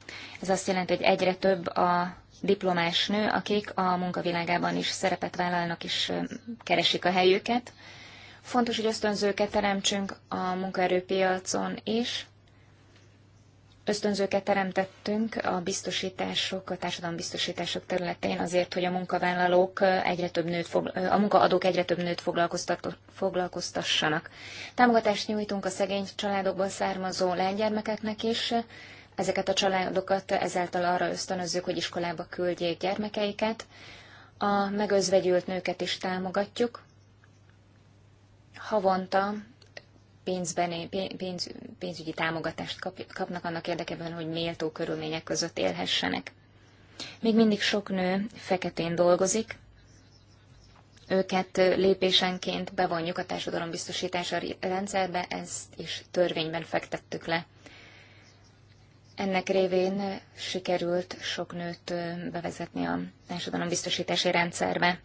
Ez azt jelenti, hogy egyre több a diplomás nő, akik a munkavilágában is szerepet vállalnak és keresik a helyüket. Fontos, hogy ösztönzőket teremtsünk a munkaerőpiacon is. Ösztönzőket teremtettünk a biztosítások, a társadalmi biztosítások területén azért, hogy a munkavállalók egyre több nőt, a munkaadók egyre több nőt foglalkoztassanak. Támogatást nyújtunk a szegény családokból származó lánygyermekeknek is, Ezeket a családokat ezáltal arra ösztönözzük, hogy iskolába küldjék gyermekeiket. A megözvegyült nőket is támogatjuk. Havonta pénzben, pénz, pénzügyi támogatást kap, kapnak annak érdekében, hogy méltó körülmények között élhessenek. Még mindig sok nő feketén dolgozik, őket lépésenként bevonjuk a társadalombiztosítása rendszerbe, ezt is törvényben fektettük le. Ennek révén sikerült sok nőt bevezetni a társadalombiztosítási rendszerbe.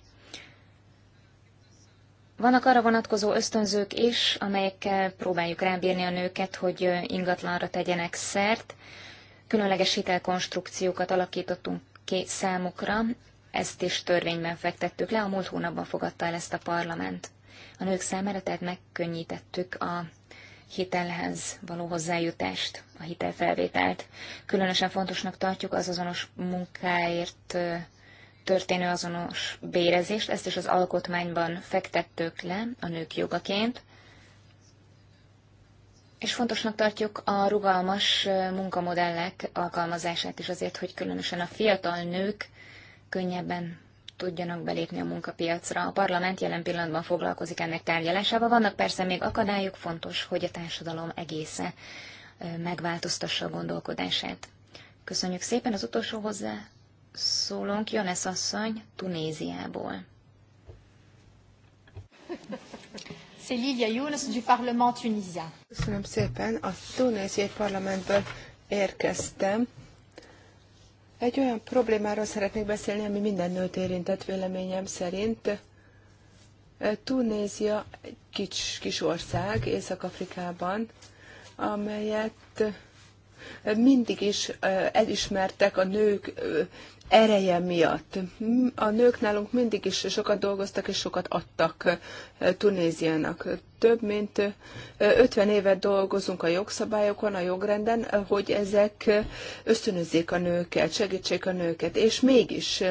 Vannak arra vonatkozó ösztönzők is, amelyekkel próbáljuk rábírni a nőket, hogy ingatlanra tegyenek szert. Különleges hitelkonstrukciókat alakítottunk ki számukra, ezt is törvényben fektettük le, a múlt hónapban fogadta el ezt a parlament. A nők számára tehát megkönnyítettük a hitelhez való hozzájutást, a hitelfelvételt. Különösen fontosnak tartjuk az azonos munkáért történő azonos bérezést, ezt is az alkotmányban fektettük le a nők jogaként, és fontosnak tartjuk a rugalmas munkamodellek alkalmazását is azért, hogy különösen a fiatal nők könnyebben tudjanak belépni a munkapiacra. A parlament jelen pillanatban foglalkozik ennek tárgyalásával. Vannak persze még akadályok, fontos, hogy a társadalom egésze megváltoztassa a gondolkodását. Köszönjük szépen az utolsó hozzá szólónk, Jones asszony Tunéziából. C'est Lilia Younes du Parlement tunisien. Köszönöm szépen, a tunéziai parlamentből érkeztem egy olyan problémáról szeretnék beszélni, ami minden nőt érintett véleményem szerint. Tunézia egy kis, kis ország Észak-Afrikában, amelyet mindig is elismertek a nők ereje miatt. A nők nálunk mindig is sokat dolgoztak és sokat adtak Tunéziának több mint 50 évet dolgozunk a jogszabályokon, a jogrenden, hogy ezek ösztönözzék a nőket, segítsék a nőket, és mégis,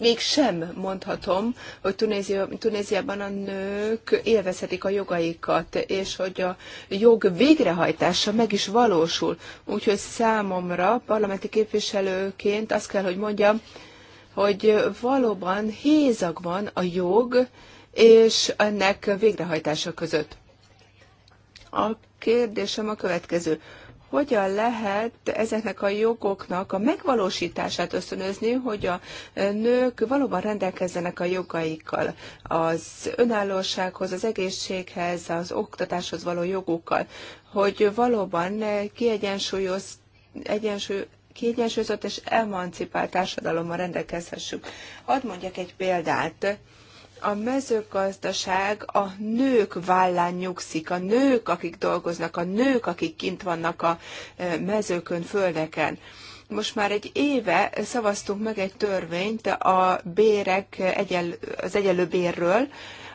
még sem mondhatom, hogy Tunéziában a nők élvezhetik a jogaikat, és hogy a jog végrehajtása meg is valósul. Úgyhogy számomra parlamenti képviselőként azt kell, hogy mondjam, hogy valóban hézag van a jog, és ennek végrehajtása között. A kérdésem a következő. Hogyan lehet ezeknek a jogoknak a megvalósítását ösztönözni, hogy a nők valóban rendelkezzenek a jogaikkal, az önállósághoz, az egészséghez, az oktatáshoz való jogukkal, hogy valóban kiegyensúlyoz, egyensúly, kiegyensúlyozott és emancipált társadalommal rendelkezhessük. Hadd mondjak egy példát a mezőgazdaság a nők vállán nyugszik, a nők, akik dolgoznak, a nők, akik kint vannak a e, mezőkön, földeken. Most már egy éve szavaztunk meg egy törvényt a bérek, az egyenlő bérről,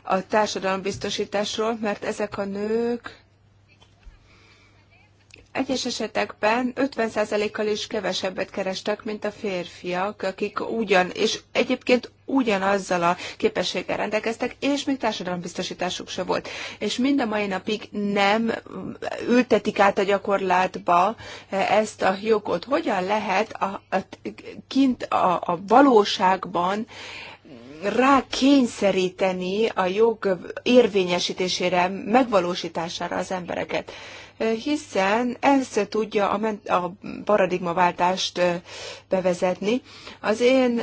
a társadalombiztosításról, mert ezek a nők egyes esetekben 50%-kal is kevesebbet kerestek, mint a férfiak, akik ugyan, és egyébként ugyanazzal a képességgel rendelkeztek, és még társadalombiztosításuk se volt. És mind a mai napig nem ültetik át a gyakorlatba e, ezt a jogot. Hogyan lehet a, a, kint a, a valóságban rá kényszeríteni a jog érvényesítésére, megvalósítására az embereket hiszen ez tudja a, ment, a paradigmaváltást bevezetni. Az én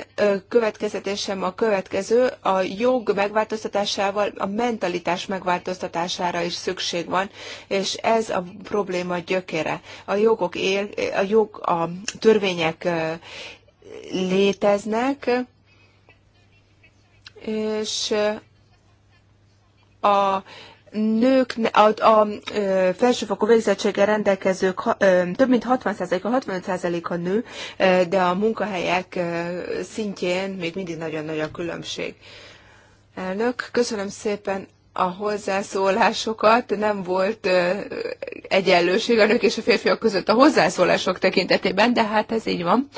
következetésem a következő, a jog megváltoztatásával a mentalitás megváltoztatására is szükség van, és ez a probléma gyökere. A jogok él, a jog, a törvények léteznek, és a nők, a, a felsőfokú végzettséggel rendelkezők több mint 60%-a, 65%-a nő, de a munkahelyek szintjén még mindig nagyon nagy a különbség. Elnök, köszönöm szépen a hozzászólásokat, nem volt egyenlőség a nők és a férfiak között a hozzászólások tekintetében, de hát ez így van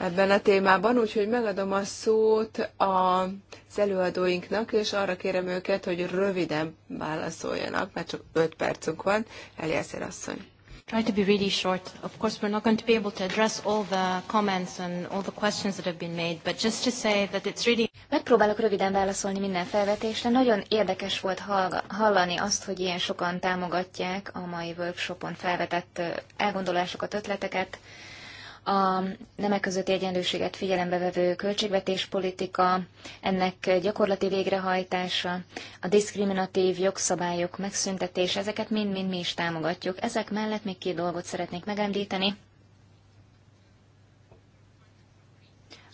ebben a témában, úgyhogy megadom a szót az előadóinknak, és arra kérem őket, hogy röviden válaszoljanak, mert csak 5 percünk van. Eliaszer asszony. Try to be really short. Of course, we're not going to be able to address all the comments and all the questions that have been made, but just to say that it's really... Megpróbálok röviden válaszolni minden felvetésre. Nagyon érdekes volt hallani azt, hogy ilyen sokan támogatják a mai workshopon felvetett elgondolásokat, ötleteket a nemek közötti egyenlőséget figyelembe vevő költségvetéspolitika, ennek gyakorlati végrehajtása, a diszkriminatív jogszabályok megszüntetése, ezeket mind-mind mi is támogatjuk. Ezek mellett még két dolgot szeretnék megemlíteni.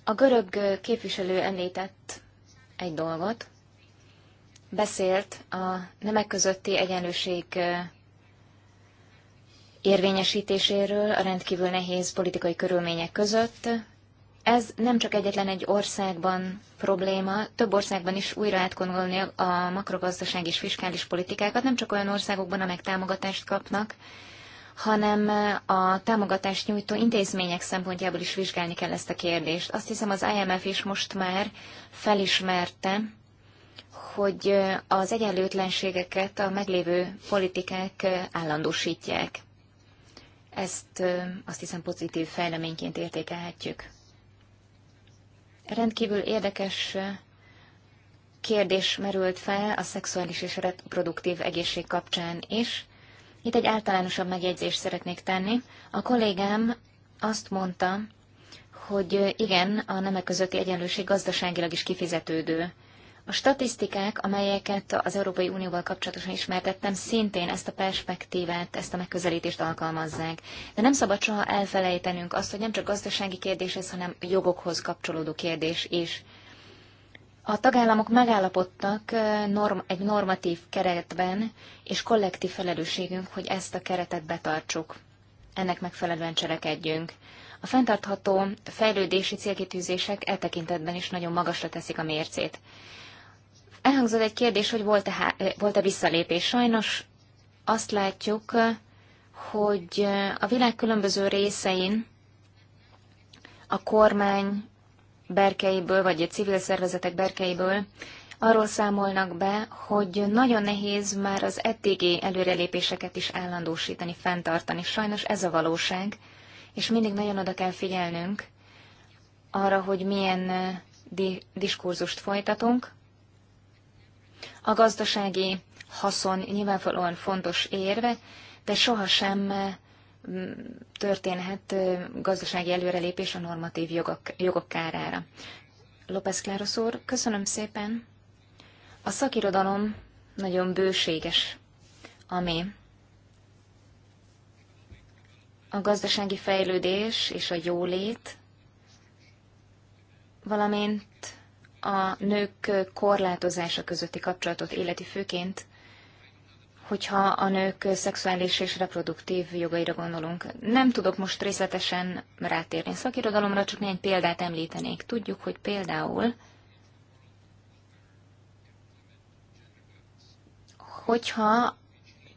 A görög képviselő említett egy dolgot, beszélt a nemek közötti egyenlőség érvényesítéséről a rendkívül nehéz politikai körülmények között. Ez nem csak egyetlen egy országban probléma, több országban is újra átgondolni a makrogazdaság és fiskális politikákat, nem csak olyan országokban, amelyek támogatást kapnak, hanem a támogatást nyújtó intézmények szempontjából is vizsgálni kell ezt a kérdést. Azt hiszem az IMF is most már felismerte, hogy az egyenlőtlenségeket a meglévő politikák állandósítják. Ezt azt hiszem pozitív fejleményként értékelhetjük. Rendkívül érdekes kérdés merült fel a szexuális és reproduktív egészség kapcsán is. Itt egy általánosabb megjegyzést szeretnék tenni. A kollégám azt mondta, hogy igen, a nemek közötti egyenlőség gazdaságilag is kifizetődő a statisztikák, amelyeket az Európai Unióval kapcsolatosan ismertettem, szintén ezt a perspektívát, ezt a megközelítést alkalmazzák. De nem szabad soha elfelejtenünk azt, hogy nem csak gazdasági kérdés ez, hanem jogokhoz kapcsolódó kérdés is. A tagállamok megállapodtak norm, egy normatív keretben, és kollektív felelősségünk, hogy ezt a keretet betartsuk. Ennek megfelelően cselekedjünk. A fenntartható fejlődési célkitűzések e tekintetben is nagyon magasra teszik a mércét. Elhangzott egy kérdés, hogy volt-e, volt-e visszalépés. Sajnos azt látjuk, hogy a világ különböző részein a kormány berkeiből, vagy a civil szervezetek berkeiből arról számolnak be, hogy nagyon nehéz már az eddigi előrelépéseket is állandósítani, fenntartani. Sajnos ez a valóság, és mindig nagyon oda kell figyelnünk arra, hogy milyen di- diskurzust folytatunk, a gazdasági haszon nyilvánvalóan fontos érve, de sohasem történhet gazdasági előrelépés a normatív jogok, jogok kárára. López Kláros úr, köszönöm szépen. A szakirodalom nagyon bőséges, ami a gazdasági fejlődés és a jólét, valamint a nők korlátozása közötti kapcsolatot életi főként, hogyha a nők szexuális és reproduktív jogaira gondolunk. Nem tudok most részletesen rátérni szakirodalomra, csak néhány példát említenék. Tudjuk, hogy például, hogyha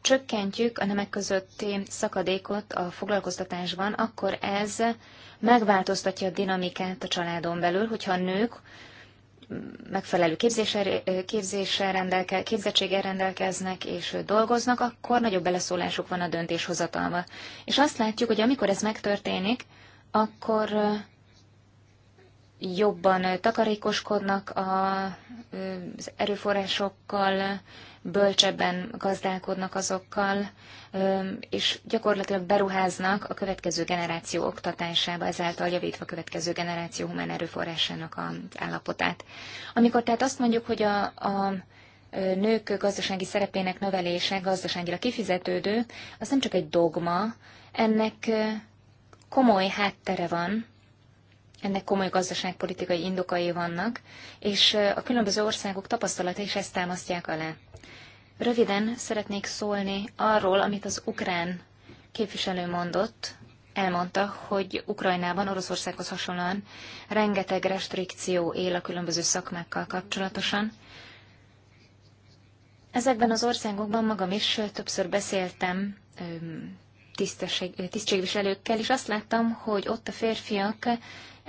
csökkentjük a nemek közötti szakadékot a foglalkoztatásban, akkor ez megváltoztatja a dinamikát a családon belül, hogyha a nők megfelelő képzéssel, képzéssel rendelke, képzettséggel rendelkeznek és dolgoznak, akkor nagyobb beleszólásuk van a döntéshozatalba. És azt látjuk, hogy amikor ez megtörténik, akkor jobban takarékoskodnak az erőforrásokkal, bölcsebben gazdálkodnak azokkal, és gyakorlatilag beruháznak a következő generáció oktatásába, ezáltal javítva a következő generáció humán erőforrásának az állapotát. Amikor tehát azt mondjuk, hogy a, a nők gazdasági szerepének növelése gazdaságira kifizetődő, az nem csak egy dogma, ennek komoly háttere van, ennek komoly gazdaságpolitikai indokai vannak, és a különböző országok tapasztalata is ezt támasztják alá. Röviden szeretnék szólni arról, amit az ukrán képviselő mondott, elmondta, hogy Ukrajnában Oroszországhoz hasonlóan rengeteg restrikció él a különböző szakmákkal kapcsolatosan. Ezekben az országokban magam is többször beszéltem tisztségviselőkkel, és azt láttam, hogy ott a férfiak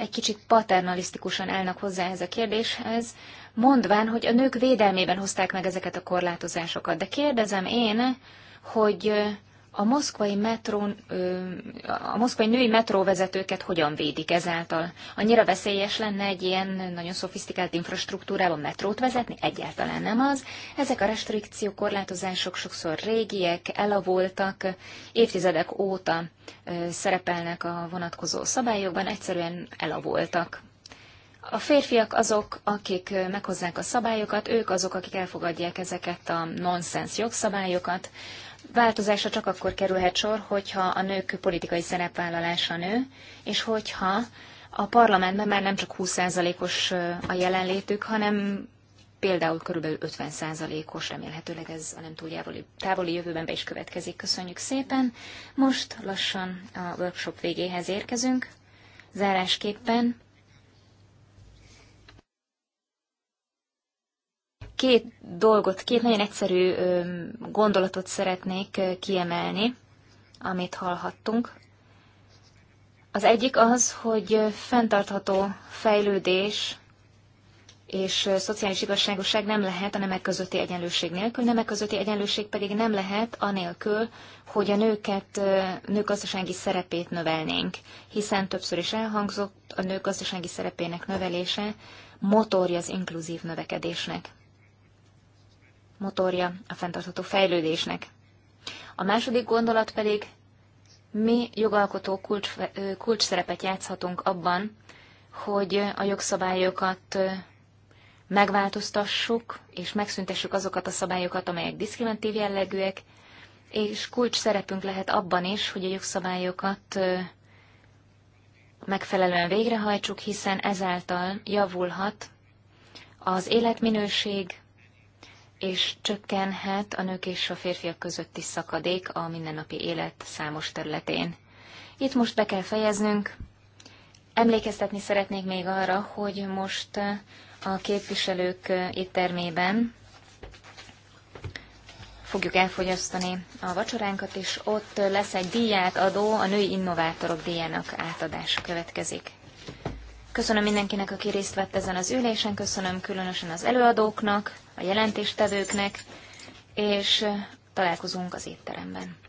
egy kicsit paternalisztikusan állnak hozzá ehhez a kérdéshez, mondván, hogy a nők védelmében hozták meg ezeket a korlátozásokat. De kérdezem én, hogy a moszkvai, metrón, a moszkvai női metróvezetőket hogyan védik ezáltal? Annyira veszélyes lenne egy ilyen nagyon szofisztikált infrastruktúrában metrót vezetni? Egyáltalán nem az. Ezek a restrikciók, korlátozások sokszor régiek, elavultak, évtizedek óta szerepelnek a vonatkozó szabályokban, egyszerűen elavultak. A férfiak azok, akik meghozzák a szabályokat, ők azok, akik elfogadják ezeket a nonsens jogszabályokat, Változásra csak akkor kerülhet sor, hogyha a nők politikai szerepvállalása nő, és hogyha a parlamentben már nem csak 20%-os a jelenlétük, hanem például körülbelül 50%-os, remélhetőleg ez a nem túl távoli, távoli jövőben be is következik. Köszönjük szépen! Most lassan a workshop végéhez érkezünk. Zárásképpen két dolgot, két nagyon egyszerű gondolatot szeretnék kiemelni, amit hallhattunk. Az egyik az, hogy fenntartható fejlődés és szociális igazságoság nem lehet a nemek közötti egyenlőség nélkül, nemek közötti egyenlőség pedig nem lehet anélkül, hogy a nőket, nők gazdasági szerepét növelnénk, hiszen többször is elhangzott a nők gazdasági szerepének növelése motorja az inkluzív növekedésnek motorja a fenntartható fejlődésnek. A második gondolat pedig, mi jogalkotó kulcs, kulcs szerepet játszhatunk abban, hogy a jogszabályokat megváltoztassuk, és megszüntessük azokat a szabályokat, amelyek diszkriminatív jellegűek, és kulcs szerepünk lehet abban is, hogy a jogszabályokat megfelelően végrehajtsuk, hiszen ezáltal javulhat az életminőség, és csökkenhet a nők és a férfiak közötti szakadék a mindennapi élet számos területén. Itt most be kell fejeznünk. Emlékeztetni szeretnék még arra, hogy most a képviselők éttermében fogjuk elfogyasztani a vacsoránkat, és ott lesz egy díját adó, a női innovátorok díjának átadása következik. Köszönöm mindenkinek, aki részt vett ezen az ülésen, köszönöm különösen az előadóknak, a jelentéstevőknek, és találkozunk az étteremben.